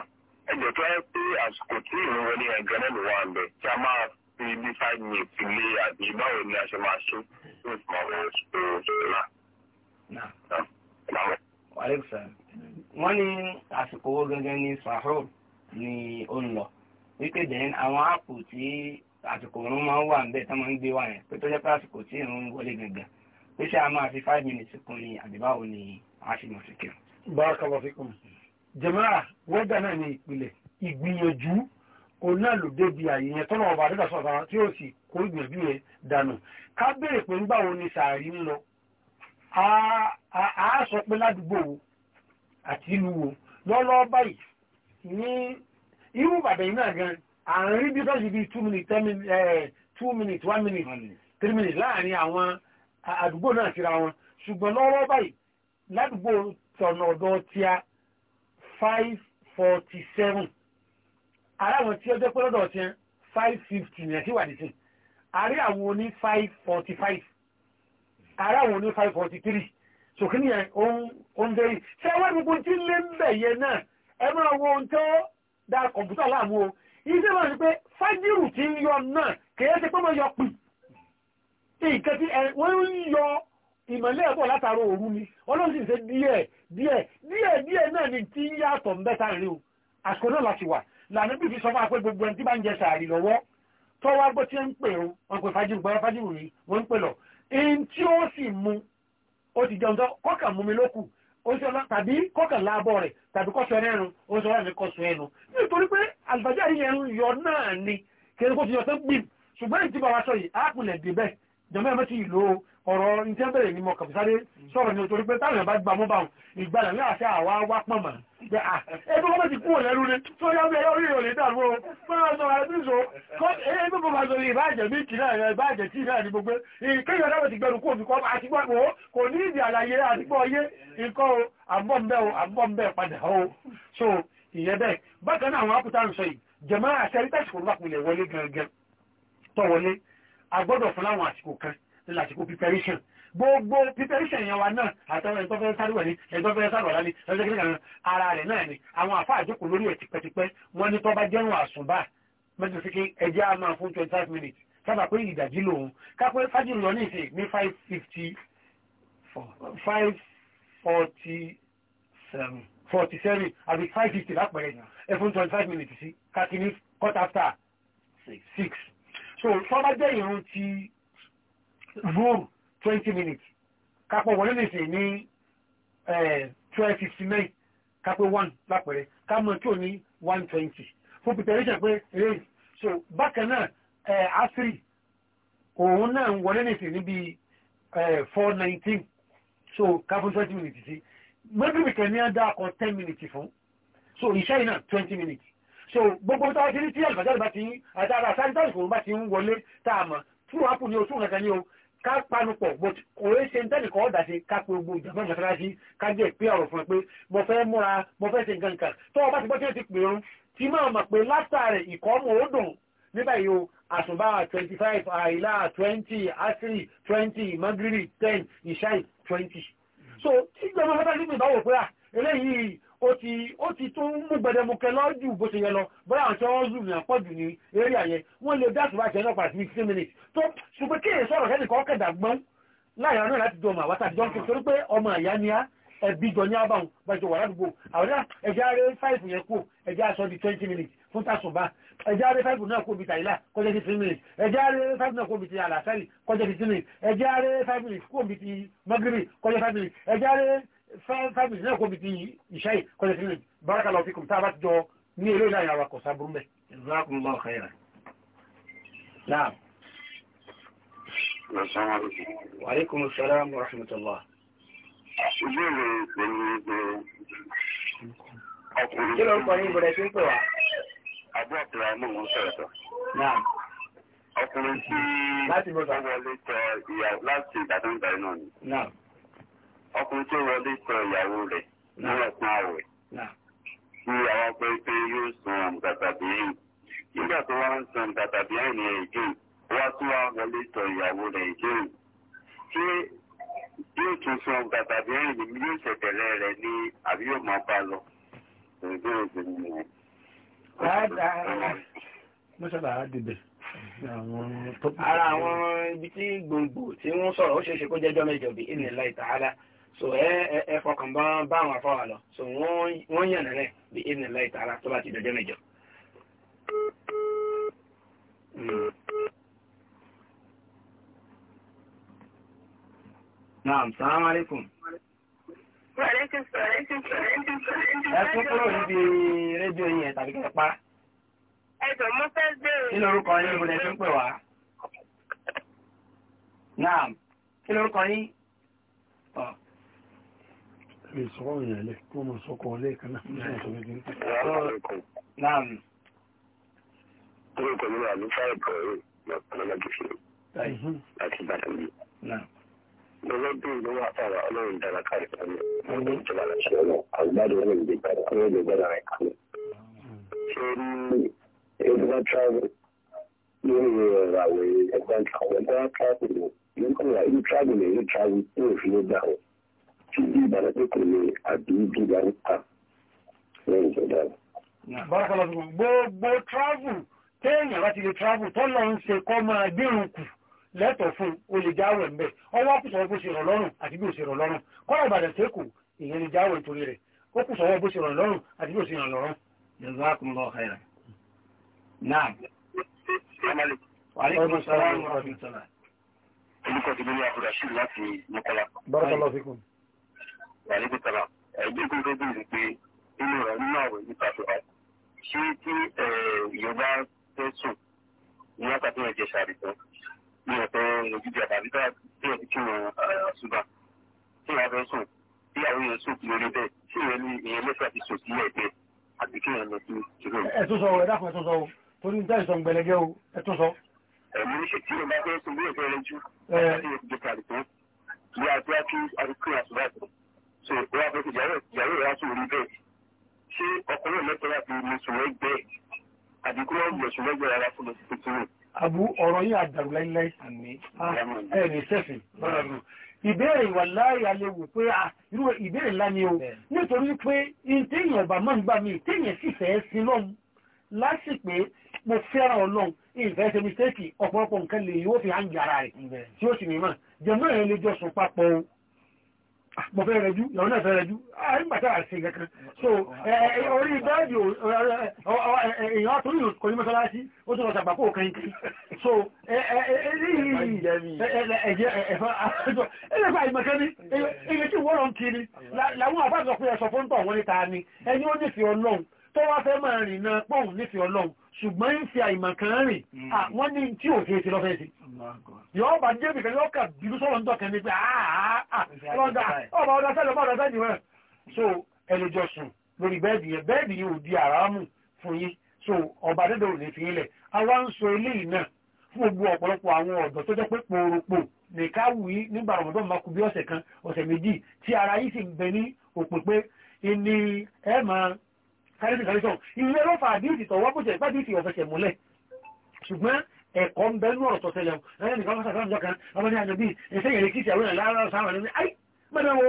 ẹgbẹ́ tó yẹ pé àsìkò tí ìrún wọlé yẹn gan náà ló wà ń bẹ̀ kí a máa fi bí five minutes lé àbí báwo ni a ṣe máa ṣe tó fi máa wọ oṣù náà. wọ́n ní àsìkò owó gẹ́gẹ́ ní sahur ni ó ń lọ wípé dẹ́n àwọn áàpù tí àsìkò ìrún máa ń wà ń bẹ̀ tó ń gbé wá yẹn pé tó yẹ pé àsìkò tí ìrún wọlé gangan pé ṣé a máa fi five minutes kún ni àbí ni a ṣe máa fi kírun. bárakàlá jẹmọ́ra wẹ́dà náà ní ìpìlẹ̀ ìgbìyànjú òun náà ló débi àyè yẹn tọ́nà ọba àdúgbà sọ̀tà tí ó sì kó ìgbìyànjú yẹn dànù ká béèrè pé ńgbà wo ni sàárì ń lọ a sọ pé ládùúgbò wo àti ìlú wo lọ́lọ́ báyìí ní irú bàbá yìí náà gan àárín bí sọ́ọ̀sì bíi two minutes ten minutes eh, two minutes one minute three minutes láàrin àwọn àdúgbò náà síra wọn ṣùgbọ́n lọ́wọ́ báyìí ládùúgbò tọ̀nà ọ̀dọ̀ tíá five forty seven aláwọn tí ó jẹ́ pé lọ́dọ̀ ọ̀tí five fifty ní ẹ̀kí wà ní sí àrí àwọn oní five forty five àrí àwọn oní five forty three sòkí ni ohun dẹ́rì ṣé wọ́n gbogbo tí lé ń bẹ̀ yẹn náà ẹ máa wo ohun tó da kọ̀mpútà láàmú o iṣẹ́ máa ń pẹ́ fájírù tí ń yọ náà kìí ṣe pé wọ́n yọ pì nǹkan tí wọ́n ń yọ ìmọ̀lẹ́ ẹ̀bọ̀ látara òru ni ọlọ́run sì ń ṣe díẹ̀ díẹ̀ díẹ̀ díẹ̀ náà ni tí ń yàtọ̀ ń bẹ́ta rí o àsìkò náà láti wà lànà bí fi sọ fún apẹ́ gbogbo ẹni tí bá ń jẹ sàárì lọ́wọ́ tọ́wọ́ agbó tí ń pè o wọn pè fájìrì gbọ́dọ̀ fájìrì rí wọ́n ń pè lọ èyí tí ó sì mu ó ti jẹun tó kọ́kà mú mi lókù tàbí kọ́kà láàbọ̀ rẹ̀ tàbí kọ́sọ ẹnu ó sì ọlá kọ́sọ ẹnu nítorí pé àlùfáàjà rí ẹnu yọ náà ni kí ẹni kó ti yọ tó gbìm ṣùgbọ́n ìtìbọ̀ wa sọ yìí áàpù lẹ̀ jọmọ́ ẹ̀ ìlú ọ̀rọ̀ ìjẹ́ bẹ̀rẹ̀ ni mo kàn sáré sọ̀rọ̀ ní torí pé táwọn bá gbà mọ́ bá wọn ìgbàlà ní àṣà àwa wá pọ̀n mà ẹbí wọ́n bá ti kú òlẹ́rú ni tó yá bí ẹyọ́ oríire òlè dàrú o máa sọ àbí so ẹbí bó máa sọ ìbáàjẹ́ méjì náà ẹ̀rọ ìbáàjẹ́ tí náà ní gbogbo kéèyàn náà ti gbẹrù kú òfin kọ́ àti gbàgbọ́ kò ní ìdí àlàyé àdìgbọ́ yé nǹkan o àbọ̀m̀bẹ́ o àbọ̀m̀bẹ́ padà o so ìyẹn bẹ́ẹ̀ bákan náà àwọn akúta ń sọ yìí jẹ̀mọ́ àṣẹ rí tẹ̀síkò lápò ilẹ̀ wọlé gangan tó wọlé agbọ́dọ̀ fún láwọn àsìkò kan lásìkò preparation gbogbo preparation yẹn wa náà àtọ́rọ ẹ̀tọ́fẹ́ sárúwẹ̀ ní ẹ̀tọ́fẹ́ sárúwẹ̀lá ní ẹ̀tọ́fẹ́ kan ara rẹ̀ náà ni àwọn àfá àjókò lórí ẹ̀ tipẹ́tipẹ́ wọ́n ní tó bá jẹ́rùn àsùnbà mẹ́tò ẹjẹ́ á máa fún twenty five minutes sábà pé ìdajì lòun kápẹ́ fájìlì lọ ní ìsìn ní five fifty forty seven àbí five fifty lápẹ̀rẹ̀ ẹ fún twenty five minutes sí káàkiri quarter after six so tó bá jẹ́ ìrun ti zoom twenty minutes kápọ̀ wọlé lè sè ní eh, twelve fifty nine kápẹ́ one lápẹ̀rẹ̀ kámọ̀ tí ò ní one twenty fún preparation pé raise so bákan náà eh, asiri òun náà ń wọlé lè sè ní eh, four nineteen so kápọ̀ twenty minutes sí mẹ́bìrì kẹ́ ní á dá ọkọ̀ ten minutes fún so iṣẹ́ iná twenty minutes so gbogbo táwọn ti ní tí àlùfáàjáde bá ti ń àtàrà sáńtàlì kò bá ti ń wọlé tá a mọ̀ fún àpò ní oṣù kankan ní o ká panupọ̀ but òwe ṣe ń tẹ́lẹ̀ kọ́ ọ̀dà sí ká pe gbogbo ìjàmbá ìjàmbá sí ká jẹ́ ìpín ọ̀rọ̀ fún ẹ pé mo fẹ́ múra mo fẹ́ ṣe nǹkan kan tó o bá ti gbọ́ tí o ti pè ọ́n tí máa mọ̀ pé látàrí ìkọ́mù ó dùn nígbà yìí o àṣùbá twenty five àìlá twenty asiri twenty magiri ten ìṣáì twenty. so tí ìjọba bá bá níbi ìbáwò pé à ah, eléyìí ó ti tó mú gbẹdẹmukẹ lọ́jù bó ṣe yẹ lọ bóyá àwọn tí wọ́n zù ní àpọ̀jù ní eré àyẹ wọ́n lè dá àtúbà jẹ́ náà pàtàkì ní minutes tó ṣùgbọ́n kí èyí sọ̀rọ̀ sẹ́ni kan kẹ̀dà gbọ́n láyà náà láti dọ̀mọ̀ àwọn àtàjọ ń torí pé ọmọ àyá ni á ẹbí jọ ní àbáwọn gbàjọ wà ládùúgbò àwọn ẹja rẹ minutes fún tàṣùbà ẹja rẹ fáìfù náà kó bìtà ìlà kọjá minutes ẹja rẹ fáìfù náà kó bìtì àlàsáì kọjá fifteen minutes ẹja rẹ fáìfù náà kó bìtì mọgìrì kọjá five fáàbì náà kò bí ti ìṣá yìí kọ́lẹ̀ sí báraka lọ fíkùn tábà jọ ní eré ìlànà àwọn kọ̀sá burú mẹ́. Jazakumullahu khairan. Naam. Assalamu alaikum. Wa alaikum assalam wa rahmatullah. Ìbéèrè pẹ̀lú ọkùnrin. Kí ló ń kọ́ ní ìbẹ̀rẹ̀ tí ń pè wá? Àbú àpẹẹrẹ mọ̀ ń sọ̀rọ̀ Naam. Ọkùnrin tí láti ìgbà ọkùnrin tó wọlé tọ̀ ìyàwó rẹ̀ ní ọ̀sán àwẹ̀ tí àwọn ọkọ pé yóò san tàtàbíyìn nígbà tó wá ń san tàtàbíyìn ní ẹ̀jẹ̀ wá tó wá wọlé tọ̀ ìyàwó rẹ̀ ẹ̀jẹ̀ ṣé yóò tún san tàtàbíyìn ní yóò ṣẹ̀tẹ̀lẹ̀ rẹ̀ ní àbí yóò máa bá lọ ìbéèrè tó ní wọn. mọ́ṣálà á dìbẹ̀ ara àwọn ibi tí gbòǹgbò tí wọ́n sọ̀rọ̀ ó ṣeé ṣe kó jẹ́jọ́ mẹ́jọ bí ìnìlá ìtàhálà so ẹ ẹ fọkàn bá bá àwọn afọwà lọ so wọ́n yànnà rẹ̀ bí ibn lai tààrà tó bá ti dọjọ́ mẹ́jọ hmm. naam salaam alaikum ẹkún kúrò níbi rédíò yìí ẹ̀ tàbí kẹpa ẹjọ̀ mo fẹ́ gbèrò kí lórúkọ yín ìbùdó ẹ̀ fi ń pè wá naam kí lórúkọ yín ọ̀ lè sọ́rọ̀ èèyàn lẹ̀ kí mọ̀ sọ́kọ̀ lẹ́ẹ̀kan náà ní ọ̀sán méjì. láàmì. orúkọ mi wà ní fáìlì kọ̀ọ̀rọ̀ lọ́lọ́gìfì láti ìbàdàn mi. lọ́lọ́ bí ìlú wà fáwọn ọlọ́run dára káàkiri ọmọ ìjọba àti ọmọ àgbàdo ọlọ́run lè gbàdá kí wọ́n lè gbàdá rẹ̀ kalẹ̀. ṣé ní ẹgbẹ́ travel lórí ọ̀rọ̀ àwẹ̀ tí bí ìbára pé kò lè àdúgbò bá ń pa lẹ́yìn tó gbogbo travel téèyàn láti lè travel tó lọ ń ṣe kọ́ máa gbérùn kù lẹ́tọ̀ọ́ fún o lè jáwẹ̀ ń bẹ̀ ọwọ́ kùsọ̀ bó ṣe rọ̀ lọ́rùn àti bí ò ṣe rọ̀ lọ́rùn kọ́lá ìbàdàn tí kò èèyàn lè jáwẹ̀ nítorí rẹ̀ ó kùsọ̀ bó ṣe rọ̀ lọ́rùn àti bí ò ṣe rọ̀ lọ́rùn. Jazakumullahu khairan. Naam. Wa alaykum wàlíbi tara ẹgbẹ́ tó tó bèrè pé inú rẹ̀ nínú àwẹ̀ ní tàbíwá ṣé tí yorùbá fẹ́ sùn ní wákàtí ẹ̀jẹ̀ ṣàrìtàn ní ọ̀pẹ ojúde àbábí tá tí ẹ̀ kí wọn ṣùgbọ́n tí wọ́n fẹ́ sùn tí àwọn èèyàn sùn kiri bẹ́ẹ̀ tí ìyẹn ní ìyẹn lẹ́sẹ̀ àti sùn sí ìṣòro. o torí níta ìsọ̀ gbẹlẹgẹ o ẹ tún sọ. ẹ̀mí ṣe tí yorùbá fẹ́ sùn bí ẹ̀fẹ́ rẹ jù àti ẹ̀jẹ̀ ṣàrìtàn ní àti àti àti kí wọ́n so ìwà àbẹ̀kẹ̀ ìyàwó rẹ̀ á sì rí bẹ́ẹ̀ ṣé ọkùnrin mẹ́ta wà fi mùsùn lẹ́gbẹ́ àdìgún ọ̀gbìn mùsùn lẹ́gbẹ́ rárá fún lọ́sí tuntun rẹ̀. àbú ọ̀rọ̀ yìí àdàrú láíláí ah, ẹ̀ ní sẹ́fìn ìbéèrè ìwà láàyè alẹ́wò pé ah, irú ìbéèrè ńlá ni o nítorí pé téèyàn ọba máa ń gbà mí téèyàn sì fẹ́ sí lọ́hùn lásìpé mo fẹ́ràn ọlọ́run ìfẹ́ ṣe mistake ọ̀pọ̀lọpọ̀ nǹkan lè yóò fi hàn jàrá rẹ̀ tí ó sì mímọ̀ jẹ̀mọ́ ẹ̀ lè jọ sùn papọ̀ o mo fẹ́ rẹjú ìyàwó náà fẹ́ rẹjú àrígbàtà àti ìgẹ̀kan so orí bẹ́ẹ̀dì èèyàn tó rí òkòrí mọ́sálásí ó tó lọ sàgbàkó kẹ́kẹ́ so ẹ̀lẹ́fà ìmọ̀kẹ́ni ilé tí wọ́n rán kiri làwọn àbájọ pé ẹ̀sọ̀ fún tọ̀ wọ́n ní ta ni ẹni ó nífẹ̀ẹ́ ọlọ́run tó wá fẹ́ máa rìn náà pọ̀hùn nífẹ̀ẹ́ ọlọ́run ṣùgbọ́n ń fi àìmọ̀kan rìn àwọn ní tí ò yọ́ bá jẹ́ bìkan yọ́ kà bìrú sọ́rọ̀ ń dọ̀kẹ́ ní pé ah, ah, ah, ọba ọdá sẹ́lẹ̀ ọba ọdá sẹ́lẹ̀ rẹ̀ so ẹlòjọ sùn lórí bẹ́ẹ̀dì yẹn bẹ́ẹ̀dì yìí ò di àrámù fún yín so ọba dẹ́dẹ̀ ò ní fi ilẹ̀ àwa ń sọ eléyìí náà fún gbogbo ọ̀pọ̀lọpọ̀ àwọn ọ̀dọ́ tó jẹ́ pé pòròpò nìkáwù yìí nígbà ọ̀mọ̀dọ́ máa kú bí ọ̀sẹ̀ kan ọ̀sẹ̀ méjì tí ara yìí sì ń bẹ ní òpópé ìní ẹ máa kárí sí kárí sọ ìyẹn ló fa àdíìtì tọ̀wọ́ bó ṣe ìpàdíìtì ọ̀fẹsẹ̀ múlẹ̀ ṣùgbọ́n ẹ̀kọ́ ń bẹ́ẹ̀ lọ́rọ̀ tọ́ tẹ́lẹ̀ ẹ̀yẹ́ nìkan wọ́n sàkọ́ ọ̀dọ́kan ọmọ ní àjọbí ẹ̀sẹ̀ yẹ̀rẹ̀ kìí àwọn ẹ̀lára sáwọn ẹ̀lẹ́ni àì mẹ́ta wo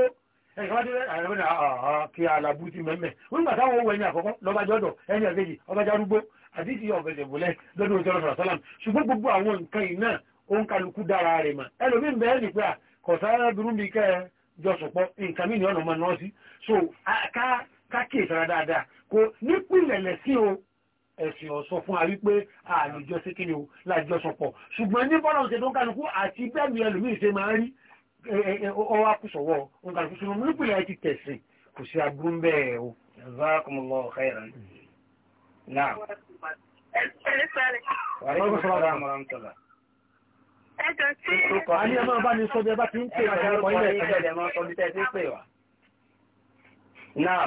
ẹ̀kọ́ wá dé àwọn ẹ̀lẹ́ni àhà kí alábú ti mẹ́mẹ́ wọ́n gbà táwọn owó ẹni àkọ́kọ́ lọ́ba jọ́dọ̀ ẹni àkejì ọba jarúgbó àdìsí ọ̀bẹ̀dẹ̀ bùlẹ̀ lọ́dún ọjọ́ rẹ̀ sàlám ṣùgbọ́n gbogbo àwọn nǹkan yìí náà ó ń kálukú dára rẹ̀ mà ẹlòmíín bẹ́ẹ̀ ni pé ah, kọ̀sára burú mi kẹ́ ẹ jọ sọ̀pọ̀ nǹkan mí ni ọ̀nà ọmọ náà sí so ká kí ìsara dáadáa kò nípìnlẹ̀ lẹ́sìn o ẹ̀sìn ọ̀sọ̀ fún a wípé àlejò sí kí ni o láìjọ sọpọ̀ ṣùgbọ́n ní bọ́lá òṣèlú kálukú àti bẹ́ẹ̀mì ẹlòmíì ṣe máa rí ọwọ́ akúsọ̀wọ́ kálukú sínú nípìnlẹ̀ ti tẹ̀sìn kò sí aburú bẹ́ẹ̀ o. jazakumullahu khairan náà. ẹjọ́ sí. a ní ẹ máa bá mi sọ bí ẹ bá ti ń é ọ̀rọ̀ kan ilẹ̀ ẹ̀sìn. náà.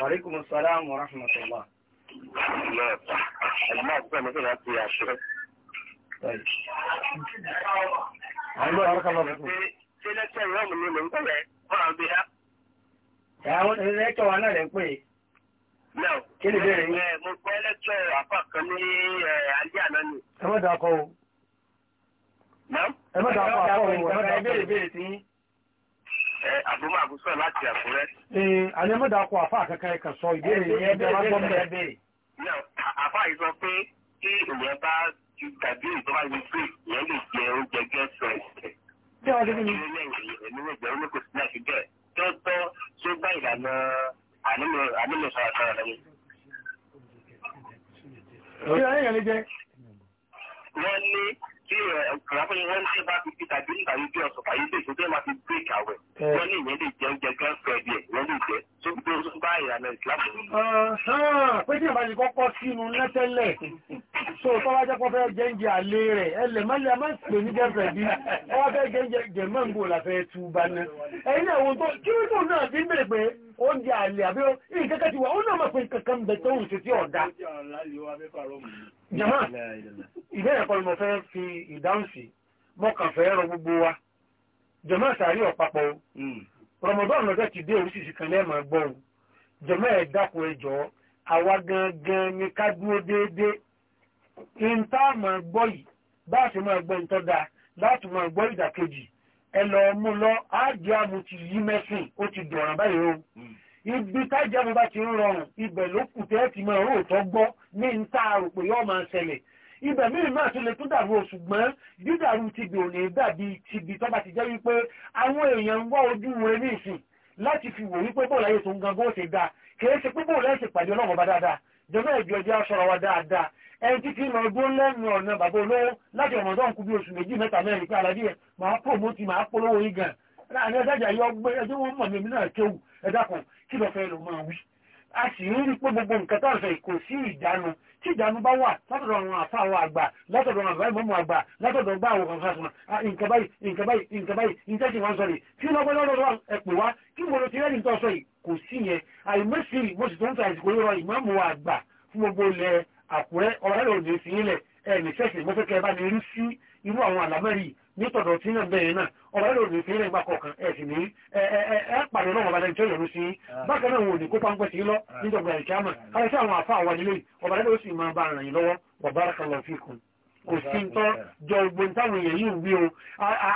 Wàríkùn Sọ́lám wa rahmatullah. Àwọn ẹlẹ́tọ̀ wa náà rẹ̀ pé. Kí ni bèèrè yìí? Mo kọ́ ẹlẹ́tọ̀ àpá kan ní àlẹ́ àná ni. Ẹ mọ́ dákọ̀ o. Ẹ mọ́ dákọ̀ àbúmọ̀ àbúsọ̀ láti àkúrẹ́. Ee, àlẹ́mọ́dà kọ àfáà kankan ìbéèrè yẹn bí wọ́n yìí sọ pé kí èèyàn bá ti tàbí ìjọba yìí pé èèyàn lè jẹ oúnjẹ gẹ́sọ̀ ẹ̀sẹ̀. kò sí tó bá ìlànà lẹ́yìn. Kí tí arákùnrin eh, wọn ṣe bá fi peter bí nígbà yóò ọsàn fàyè lè tó bẹ́ẹ̀ máa fi break àwẹ̀ eh. wọn ní ìyẹn lè jẹ oúnjẹ girlfriend ẹ̀ wọn lè jẹ tó tó tó bá ìlànà ìsìlámù. pé tí ìbàdí kọ́kọ́ sínú lẹ́tẹ̀lẹ̀ so tó bá jẹ́ kó fẹ́ jẹ́ǹjẹ àlè rẹ̀ ẹ lè má lè má pè ní girlfriend bí wọ́n fẹ́ jẹ́ǹjẹ jẹ̀mọ́ ń bò láfẹ́ tú bá ná. ẹ̀yin náà wọ́n tó kí ló dùn náà bí bèrè pé oúnjẹ àlè àbí nǹkan kan ti wà ó náà mọ̀ pé nǹkan bẹ̀ tó ń ṣe sí ọ̀dà ìbéèrè kan mo fẹ́ fi ìdáhùn sí mo kàn fẹ́ gbogbo wa jọmọ àtàrí ọ̀pápọ̀ o hmm. rọmọdún ọ̀nà ti dé oríṣiríṣi kan lẹ́ẹ̀mọ̀ gbọ́ o jọmọ ẹ̀ dákun ẹ àwa gangan ni ká dúró déédéé ìntà máa gbọ́ yìí bá a ti máa gbọ́ ìtọ́ da láti máa gbọ́ ìdàkejì ẹ lọ mú lọ ájẹ́ àmú ti yí mẹ́sìn ó ti dọ̀ràn báyìí o hmm. ibi tájàmù bá ti ń rọrùn ibẹ̀ ló kù tẹ́ ti máa gbọ́ ní ìntà àròpé yóò máa ṣẹlẹ̀ ibẹ̀ mìíràn náà tún lè tún dàrú o ṣùgbọ́n dídàrú ti gbè òní dàbí tìbí tọ́ba ti jẹ́ wípé àwọn èèyàn ń wá ojú rẹ ní ìsìn láti fi wò wípé bóòlù ayé tó ń gan bó ṣe dáa kìí ṣe pé bóòlù ayé ṣe pàdé ọlọ́run ọba dáadáa jọba ìjọ ẹjẹ aṣọra wa dáadáa ẹni títí lọ gbó lẹ́nu ọ̀nà bàbá olówó láti ọ̀nà tó ń kú bí oṣù méjì mẹ́ta mẹ́rin pé aládé ẹ̀ máa pòmótì máa polówó yín gan láàrin ẹ̀dájà yọ gbé ẹjọ́ wọn mọ̀ mímí náà kéwù ẹ̀dá kan kí lọ fẹ́ lọ máa wí a sì ń rí pé gbogbo nǹkan tó ń kò sí ìdánu tí ìdánú bá wà látọ̀dọ̀ àwọn àfáàwọ̀ àgbà látọ̀dọ̀ àwọn àbáyé mọ́mọ́ àgbà látọ̀dọ̀ gbá àwọn kan fásitì ah, nǹkan báyìí nǹkan báyìí nǹkan báyìí nǹkan tí wọ́n sọ rèé tí wọ́n gbọ́dọ̀ lọ́dọ̀ ẹ̀pẹ̀ wá kí mo lo ti rẹ́ni tó sọ yìí kò sí yẹn àìmọ́sírì mo sì tó ń ta àsìkò yọrọ ìmáàmù àgbà fún gbogbo ilẹ̀ Àkúrẹ́ ọ̀rẹ́ lòdì sí ilẹ̀ ẹ̀ nìṣẹ́sì mo fẹ́ kẹ́ bá mi rí sí irú àwọn àlámẹ́rì nítọ̀dọ̀ tí náà bẹ̀rẹ̀ náà ọ̀rọ̀ ẹ̀rọ òní fi ilẹ̀ ìgbà kọ̀ọ̀kan ẹ̀ sì ní ẹ̀ pàdé náà ọ̀bàdàn tí ó yọ̀nú sí ah. bákan náà wọn ò ní kó páńpẹ́ sí lọ ah. níjọba ìkíámà káyọ̀ sí àwọn àfa àwọn ilé ọ̀bàdàn ó sì máa bá ara yìí lọ́wọ́ wa barakallahu fikum kò sí tọ́ jọ ogbon táwọn èèyàn yìí wí o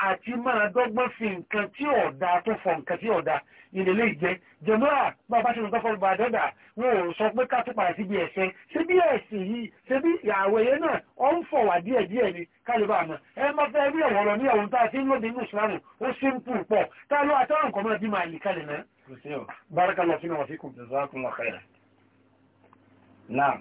àti máa dọ́gbọ́n fi nǹkan tí ọ̀dà tó fọ nǹkan tí ọ̀dà ìrẹ̀lẹ̀ ìjẹ́ jẹmọ́ra bá bá ṣe ń tọ́fọ́ bá dọ́dà wọn ò sọ pé ká tó padà síbi ẹ̀sẹ̀ síbi ẹ̀sìn yìí síbi ìyàwó ẹ̀yẹ náà ọ ń fọ̀ wá díẹ̀ díẹ̀ ni kálíbà àmọ́ ẹ má fẹ́ rí ẹ̀wọ̀n lọ ní ẹ̀wọ̀n tá a ti ń lòdì nínú ìsìlámù ó sì ń pù pọ̀ tá ló àtọ́rọ̀ nǹkan máa bí máa yí kalẹ̀ náà. barakallahu fina wa fikum. jazakumullahu khairan. naam.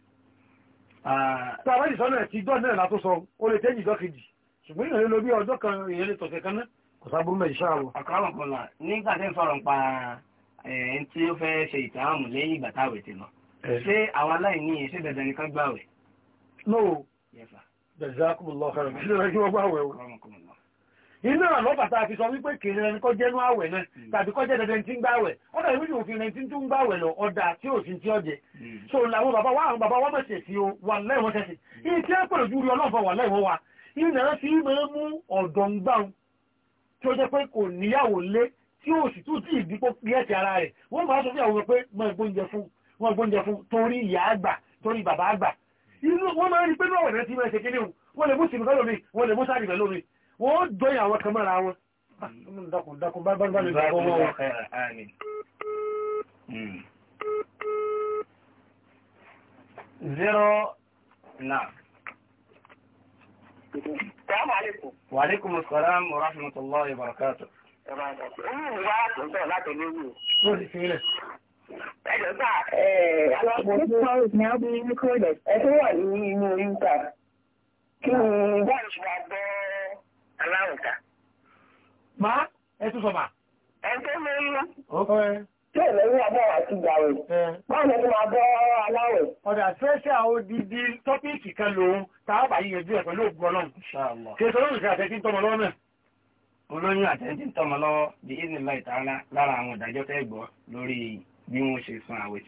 Ah, tàbá ìsọ́nà ti jọ́ náà látó sọ ó lè tẹ́jì jọ́ kejì ṣùgbọ́n ìrìn lórí ọjọ́ kan èèyàn lè tọ̀sẹ̀ kan náà kò sábú mẹ́ ìṣá o. àkàrọ̀ kan náà nígbà tẹ́ ń sọ̀rọ̀ pa ẹni tí ó fẹ́ ṣe ìtààmù lẹ́yìn ìgbà táwẹ̀ ti lọ ṣé àwọn aláìní ṣé dandan nìkan gbàwẹ̀. no jazakumullahu khairan kí ló rẹ kí wọ́n iná àlọ́bà tá a fi sọ wípé kèrè ẹni kọ́ jẹ́nu àwẹ̀ náà hmm. tàbí kọ́ jẹ́ dandan tí ń gbàwẹ̀ ọ̀dà ìwé ni òfin ẹni tí ń tún gbàwẹ̀ lọ ọ̀dà tí ò sí ti ọ̀jẹ̀ hmm. so làwọn bàbá wa àwọn bàbá wa mọ̀ṣẹ̀ sí o hmm. wà lẹ́wọ̀n tẹ̀sí iye tí wọ́n pèrè ju rí ọlọ́ọ̀fọ̀ wà lẹ́wọ̀n wa iná fi máa mú ọ̀dọ̀ ń gbà tí ó jẹ́ pé kò níyàwó lé tí ó sì tún tí ìdípò kíẹ̀tì ara rẹ̀ wọ́n máa sọ fún àwọn pé mọ ìgbóúnjẹ fún wọn ìgbóúnjẹ fún torí ìyá àgbà torí bàbá àgbà wọ́n máa rí pé lọ́wọ́ rẹ̀ ti máa ṣe kíní wọ́n lè mú sìnkọ́ lómi wọ́n lè mú sáré rẹ̀ lómi wọ́n dọ́yìn àwọn kan mọ́ra wọn dákun dákun bá bá bá lè dákun mọ́ wọn. zero nine. Assalamu alaikum. Wa alaikum assalam wa rahmatullahi wa barakatuh. Ẹjọ́ bá ẹ̀ẹ́ ní ọdún ní kọ́lẹ̀ tó wà ní inú orí ń ta. Kí ni bọ́ọ̀lù ṣùgbọ́n ala Má Maa, tún sọ mà. Ẹ tó lóyún. Ọkọ̀ẹ́. Tí ò lóyún ọgbọ́n àti ìgbàwé. Báwo ni máa bọ́ aláwẹ̀? Ọ̀dà fẹ́ṣà odidi tọ́píìkì kan lòun tààbà yíyanjú ẹ̀ pẹ̀lú ògùn ọlọ́run. Kì í sọ lórí ìṣẹ́ àtẹ́tí ń tọ́mọ lọ́wọ́ náà. Olóyún àtẹ́tí ń tọ́mọ lọ́wọ́ di ìdílé ìtara lára àwọn ìdájọ́ tẹ́ gbọ́ lórí bí wọ́n ṣe san àwẹ̀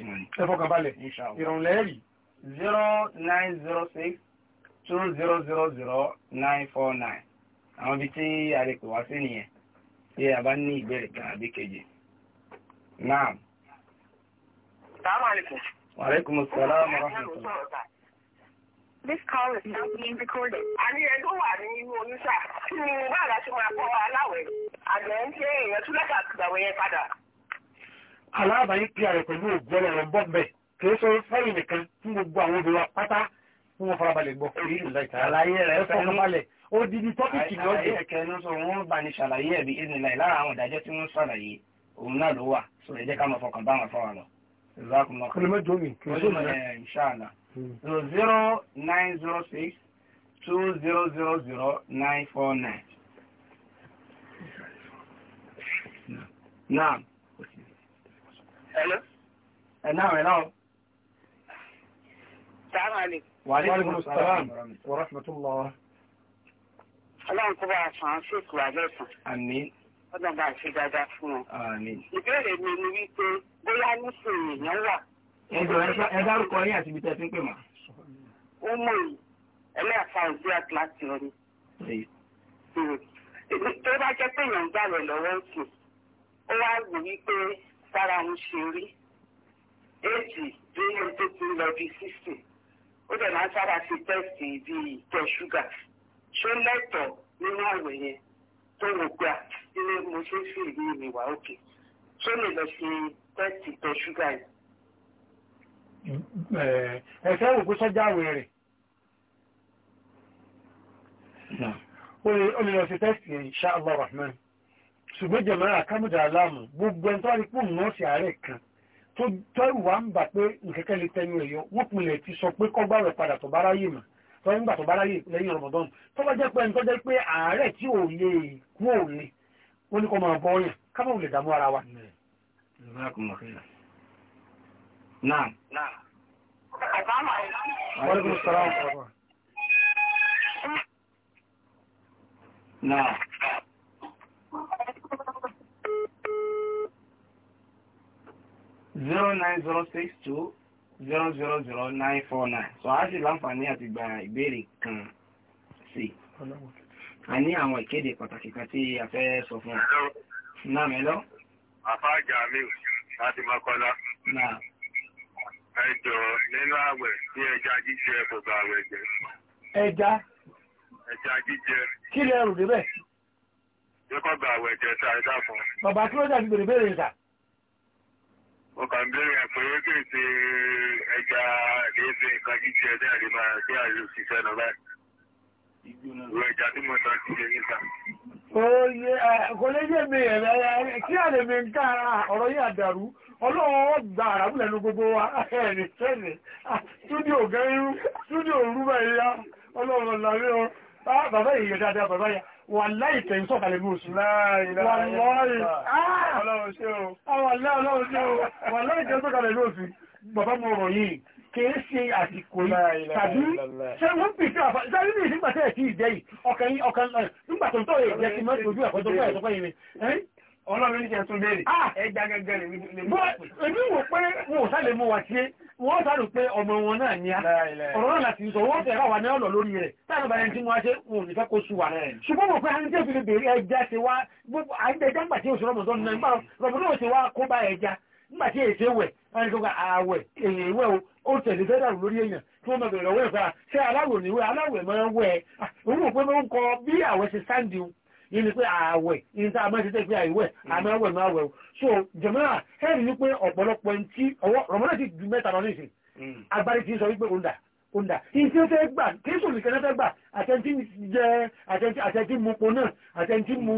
0906 2000949 àwọn ibi tí a lè pè wá sí nìyẹn tí a bá ní ìbéèrè kan àbí kejì náà. sàmàlìkù. wàlẹ́kùn sàlá mọ́rànlọ́sọ. This call is now being recorded. A ní ẹjọ́ wà ní inú oyún sá. Kí ni báyìí láti máa kọ́ aláwẹ̀? Àgbẹ̀ ń ṣe èèyàn tún lẹ́tà àtìgbàwẹ̀ yẹn padà. Aláàbáyé pí ààrẹ pẹ̀lú ògbọ́n ẹ̀rọ bọ́ọ̀bẹ̀ kìí sọ fẹ́yìn nìkan fún gbogbo àwọn obìnrin wa pátá fún wọn farabalẹ̀ gbọ́. Àlàyé rẹ̀ fọkànbalẹ̀ odidi tọ́pìkì ló dé. ẹ̀kẹ́ ló sọ wọ́n bá ní ṣàlàyé ẹ̀bí ìdìnnìláì lára àwọn ìdájọ́ tí wọ́n ṣàlàyé òun náà ló wà sọ ẹ jẹ́ ká máa fọkàn bá wọn fọwọ́ lọ. kìlómítà omi kìlómítà omi ẹ̀ ṣáàlà. zero nine zero six two zero zero zero nine four nine. naam. hello. ẹ̀ náà ẹ̀ náà. sàmàlì. wàhálà ìmúṣàlá wa rahmatulah ọlọ́run kó bá a sàn án sí ètò alẹ́ sàn. àmín. ọlọ́run bá a ṣe dáadáa fún wọn. àmín. ìbéèrè mi ni wípé bóyá nísìnyí èèyàn wà. ẹ jọ̀ọ́ ẹ dárúkọ yín àti ibi tẹ́ ẹ ti ń pè mọ́. ó mọ̀ yìí ẹlẹ́ẹ̀fà òbí àtìláti ọ̀run. Hmm. tó bá jẹ́ pé èèyàn gbà rẹ̀ lọ́wọ́ sùn ó wá wò wípé sára ń ṣe rí èjì bí ẹni tó ti ń lọ bíi sísìn ó dẹ̀ máa ń sábà fi tẹ́sì bíi tẹ̀ ṣúgà ṣó lẹ́tọ̀ọ́ nínú àwẹ̀ yẹn tó wò gbà ilé ah, mo ṣe fi ìlú mi wà òkè ṣó lè lọ ṣe tẹ́sì tọ ṣúgà yìí. ẹ̀sẹ̀ rò pé sọ́jà àwẹ̀ rẹ̀ ó lè lọ ṣe tẹ́sì yẹn insha Allah ṣùgbọ́n jẹ̀mọ́ra kámúdà aláàmù gbogbo ẹni tó wà ní pò nọ́ọ̀sì àárẹ̀ kan tó tẹ́rù wá ń bà pé nkẹ́kẹ́ lè tẹnu ẹ̀yọ wọ́n pinlẹ̀ ti sọ pé kọ́gbà rẹ̀ padà tó bára yìí mọ̀ tó ń gbà tó bá ráyè lẹ́yìn ọ̀rọ̀mọ̀dọ́n tó bá jẹ́ pé ẹni tó jẹ́ pé ààrẹ tí ò lè kú ò ní ó ní kó máa bọ́ ọyàn kámọ̀ lè dààmú ara wa. Náà. Wọ́n ní Zero nine zero six two zero zero zero nine four nine so a láǹfààní àti kan sí a ní àwọn ìkéde pàtàkì kan tí a fẹ́ sọ fún wa. náà mẹ́lọ́. àfáàjà mi láti mọ́kọ́lá. náà. nínú àwẹ̀ ní ẹja jíjẹ kò àwẹ̀ jẹ. ẹja. ẹja jíjẹ. kí lè rù débẹ̀. jẹ́kọ̀ bá àwẹ̀ jẹ bàbá kí ló mo kàn bẹ̀rẹ̀ àpẹẹrẹ kí n ṣe ẹja léèfé nǹkan jíjẹ ní àlèmọ àti àlè náà báyìí. ìwé ẹja tí mo tán ti lè níta. Oye kò lè mi kí mi ń ká ọ̀rọ̀ yìí àdàrú gba àràbù lẹ́nu gbogbo wa ah, gẹ́rú ọ ah, bàbá wàláì tẹ̀yìn sọ̀kalẹ̀ bí oṣù láàrin láàrin ah! ọlọ́run ṣe o ah, wàláì tẹ̀yìn sọ̀kalẹ̀ bí oṣù bàbá mọ̀ ọ̀rọ̀ yìí kìí ṣe àsìkò yìí tàbí ṣe wọ́n pè fẹ́ àfà ìdárí ní ìsìnkà tẹ́ ẹ̀kí ìjẹ́ yìí ọkàn yìí ọkàn nígbà tó tọ́ èdè ti mọ́ ìtòjú ẹ̀kọ́ tó fẹ́ ẹ̀tọ́ yìí ọlọ́run wọ́n sáré pé ọmọ wọn náà ní á ọ̀rọ̀ náà láti sọ wọ́n tẹ̀rọ wà ní ọ̀lọ̀ lórí rẹ̀ táàbà bàrẹ̀ tí wọ́n ṣe wọn nífẹ́ kó sú wa ṣùgbọ́n mọ̀ pé a ń jẹ́ ìfìlẹ̀ bèèrè ẹja ṣe wá gbogbo àìdẹ̀já ńgbà tí oṣù rọmọdún náà nígbà rọmọdún ò ṣe wá kó bá ẹja nígbà tí èsè wẹ̀ wọ́n ti ní pé ààwẹ̀ ní tá a máa ṣiṣẹ́ pé àìwẹ̀ àmì àwẹ̀ ní àwẹ̀ so jẹ̀mọ́ra ẹ̀rì ní pé ọ̀pọ̀lọpọ̀ tí ọwọ́ rọ̀mọ́nà ti ju mẹ́ta lọ nísìn hmm. agbárí ti sọ wípé òǹdà òǹdà ìṣe fẹ́ gbà kéṣù nìkan fẹ́ gbà àtẹ̀ntì jẹ àtẹ̀ntì mu po náà àtẹ̀ntì mu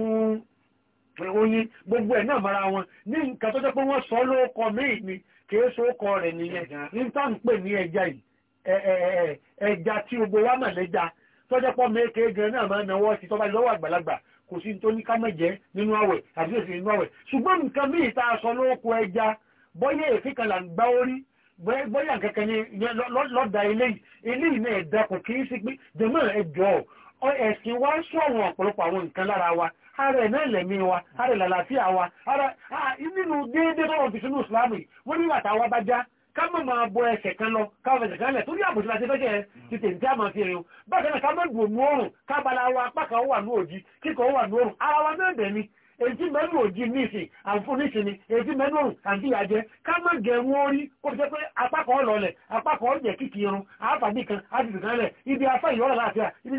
oyin gbogbo ẹ̀ náà mara wọn ní nǹkan tó jẹ́ pé wọ́n sọ lóókọ míì ni kéṣù ọkọ rẹ̀ nìyẹn ní tá à ń pè ní ẹja yìí ẹja tí gbogbo wa mọ̀ lẹ́ja tọ́jọ́pọ̀ mẹ́kẹ́ gan náà máa náwó sí tọ́ba lọ́wọ́ àgbàlagbà kò sí tó ní ká mẹ́jẹ nínú àwẹ̀ àti èsì nínú àwẹ̀ ṣùgbọ́n nǹkan bí ìta aṣọ lóko ẹja bọ́yá èéfín kan là ń gbá orí bọ́yá kankan ni lọ́dà eléyìí eléyìí náà ẹ̀dá kò kí sí pé jẹ̀mọ́ ẹ̀jọ̀ ẹ̀sìn wa ń sọ̀rọ̀ ọ̀pọ̀lọpọ̀ àwọn nǹkan lára wa ara ẹ̀ náà lẹ̀mí wa ara ẹ̀ lálàáfíà wa ara nínú déédéé bọ́wọ̀ fi sínú ìsìlámù yìí wọ́n nígbà táwa bá já ká mọ̀ máa bọ ẹsẹ̀ kan lọ káwọn ẹsẹ̀ kan lẹ̀ torí àbòsí láti fẹ́ jẹ́ ti tèmi tí a máa fi ẹ̀yọ bákan náà ká mọ̀ dùn òmù oòrùn kábala wa apá kan wà ní òjì kíkọ̀ wà ní oòrùn ara wa èyí mẹ́nu òjì ní ìsìn èyí mẹ́nu òrùn àǹtí ìyàjẹ́ ká mọ̀ gẹ̀rún orí ó ti pé apá kan lọlẹ̀ apá kan irun àáfàdì kan àdìdì kan lẹ̀ ibi afẹ́ ìyọ́rọ̀ láàfíà ibi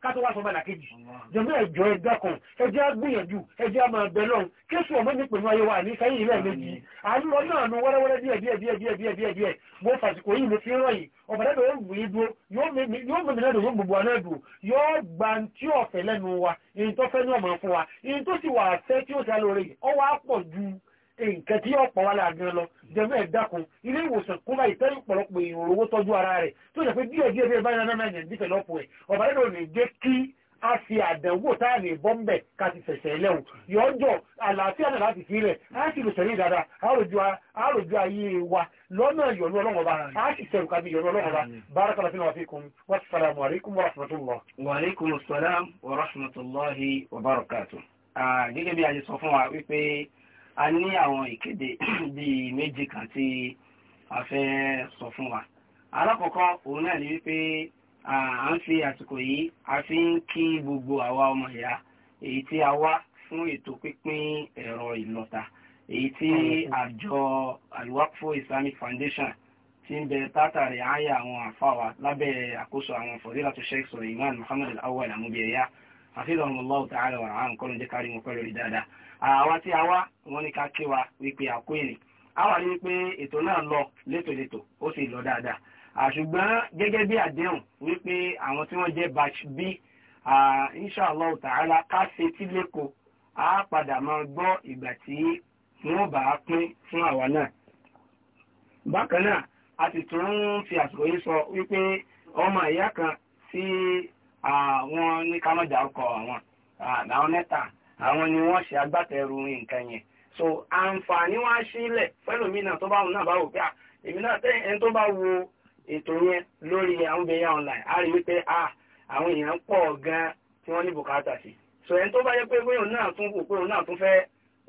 kátó wá sọ bàdà kejì jọmọ ẹjọ ẹgbẹ kan ẹjẹ gbìyànjú ẹjẹ máa bẹ kéṣù ọmọ ní pẹ̀lú ayé wa ní sẹ́yìn ilé méjì àlọ náà nu wẹ́rẹ́wẹ́rẹ́ díẹ̀ díẹ̀ díẹ̀ díẹ̀ díẹ̀ díẹ̀ díẹ̀ mo fàṣìkò yìí mo fi rán yìí ọbàdà tó ń dúró yóò mẹmí náà yóò gbogbo àná dùn yóò gba tí ọ̀fẹ́ lẹ́nu wa èyí tó fẹ́ ní ọmọ fún wa èyí tó sì wà fẹ́ tí ó ti alóore yìí ọwọ́ á pọ̀ ju nǹkan tí ọ̀pọ̀ wà láàrin lọ jẹ́mú ẹ̀dákun ilé ìwòsàn kó bá ìtẹ́rù pọ̀lọpọ̀ èèyàn òrówó tọ́jú ara rẹ̀ tó jẹ́ pé díẹ̀ díẹ̀ bí ẹ bá yẹn náà yẹn dífẹ̀ lọ́pọ̀ ẹ̀ ọ̀bà lẹ́nu ò ní jẹ́ kí a fi àdánwò tá a lè bọ́ mbẹ̀ ká ti ṣẹ̀ṣẹ̀ lẹ́wọ̀ yọjọ́ àlàáfíà náà láti fi rẹ̀ a sì lè sẹ̀rí dáadáa a rò ju ayé wa lọ́nà ìyọ̀nù ọlọ́wọ́ bá a sì sẹ̀rù ká bí ìyọ̀nù ọlọ́wọ́ bá barakallahu fina wa fikum wassalamu alaikum wa rahmatullah. wa alaikum salam wa rahmatullahi wa barakatuh. gẹ́gẹ́ bí a ti sọ fún wa wípé a ní àwọn ìkéde bíi méjì kan tí a fẹ́ sọ fún wa alákọ̀ọ́kọ́ òun náà ni wípé à ń fi àsìkò yìí a fi ń kí gbogbo àwa ọmọ ìyá èyí tí a wá fún ètò pínpín ẹ̀rọ ìlọ́ta èyí tí àjọ alwakfo islamic foundation ti ń bẹ tátàrí àyà àwọn àfáwà lábẹ́ àkóso àwọn fọ̀dílà tó sheikh Suleiman Muhammad al-awwal amúbíyẹyà àfihàn ọmọlọ́wọ́ tààrà wà á ń kọ́ ló jẹ́ kárí wọn pẹ̀lú rí dáadáa àwa tí a wá wọn ní ká kí wa wípé àkó èrè a wà rí wípé ètò náà lọ létòlétò ó sì lọ dáadáa gẹ́gẹ́ bí àdéhùn wípé àwọn tí wọ́n jẹ batch b inshallah ta'ala ká ṣe tí a padà máa ìgbà tí bá pín fún àwa náà bákan náà fi àsìkò yìí sọ wípé ọmọ kan ní ká má àwọn àwọn ni wọ́n ṣe agbátẹrù nǹkan yẹn so àǹfààní wá sílẹ̀ fẹ́lòmínà tó bá wù náà bá wò pé ah, èmi náà tẹ́ ẹni tó bá wo ètò yẹn lórí àwọn obìnrin online a rí wípé ah, àwọn èèyàn pọ̀ gan tí wọ́n ní bùkátà sí so ẹni tó bá yẹ pé bóyá náà tún wò pé òun náà tún fẹ́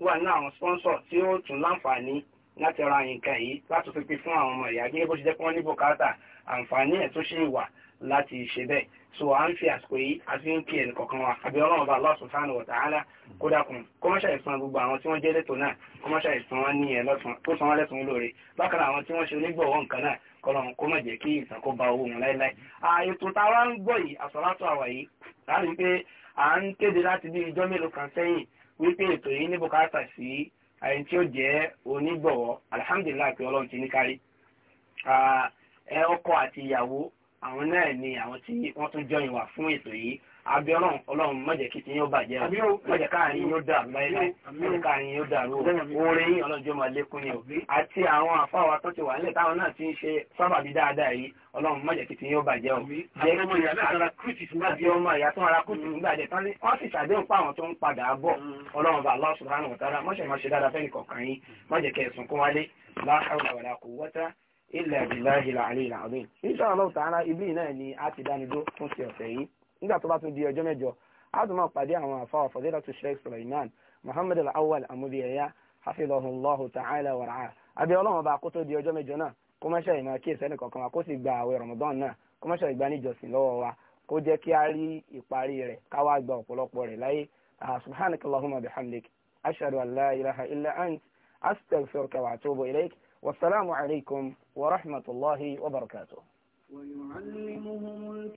wà ní àwọn sponsor tí ó tún láǹfààní láti ra nǹkan yìí láti fi pín fún àwọn ọmọ ìyá gẹ́gẹ́ bó ṣe jẹ́ pé wọ́n ní bùkátà àǹfààní e tó ṣe wà láti ṣe bẹ́ẹ̀ so à ń fi àsìkò yìí àti ń kí ẹnì kọ̀ọ̀kan wa àbí ọlọ́run bá Allah subhanahu wa ta'ala kó kọ́mọ́ṣà ìsan gbogbo àwọn tí wọ́n jẹ́ lẹ́tọ̀ náà kọ́mọ́ṣà ìsan wọn ní ẹ̀ lọ́sàn tó san wọn lẹ́sùn lóore bákan àwọn tí wọ́n ṣe onígbọ̀wọ́ nǹkan náà kọ́lọ́run kó jẹ́ kí ba owó wọn láéláé. ètò ń gbọ́ yìí kan sẹ́yìn wípé ètò yìí ní bùkátà sí ẹ ọkọ àti ìyàwó àwọn náà ni àwọn tí wọ́n tún jọyìn wà fún ètò yìí àbí ọlọ́run ọlọ́run má jẹ́ kí ti yín ó bàjẹ́ o má jẹ́ káàrin yín ó dàrú láíláí má jẹ́ káàrin yín ó dàrú o oore yín ọlọ́run jọ máa lékún ni o àti àwọn àfáwà tó ti wà nílẹ̀ táwọn náà ti ń ṣe sábàbí dáadáa yìí ọlọ́run má jẹ́ kí ti yín ó bàjẹ́ o jẹ́ kí ọmọ ìyá tó ara kùtì nígbà jẹ́ tán wọ́n sì ṣàdéhùn fún àwọn tó ń padà bọ̀ mm. ọlọ́run bá Allah subhanahu wa ta'ala máa ṣe dáadáa fẹ́nìkọ̀ọ̀kan yín má jẹ́ kẹ́ ẹ̀sùn kún wálé la hawla wala quwwata ilẹ̀ ìbíláhìlà àlìlà ọ̀dún insha Allah ta'ala ibi náà ni a ti dánidó fún ti ọ̀sẹ̀ yìí nígbà tó bá tún di ọjọ́ mẹ́jọ a tún máa pàdé àwọn àfáà fadilatu sheikh Sulaiman Muhammad al-awwal amúdíyẹyà hafidhahullahu ta'ala wa ra'ah abẹ́ ọlọ́run bá kó tó di ọjọ́ mẹ́jọ náà kó má ṣe ìmọ̀ kíyèsí ẹnì kankan wa kó sì gba àwẹ̀ Ramadan náà kó má ṣe ìgbà níjọsìn lọ́wọ́ wa kó jẹ́ kí a rí ìparí rẹ̀ ká gba ọ̀pọ̀lọpọ̀ rẹ̀ láyé ah, subhanakallahumma bihamdik ashhadu an ilaha illa ant astaghfiruka wa atubu ilayk والسلام عليكم ورحمة الله وبركاته ويعلمهم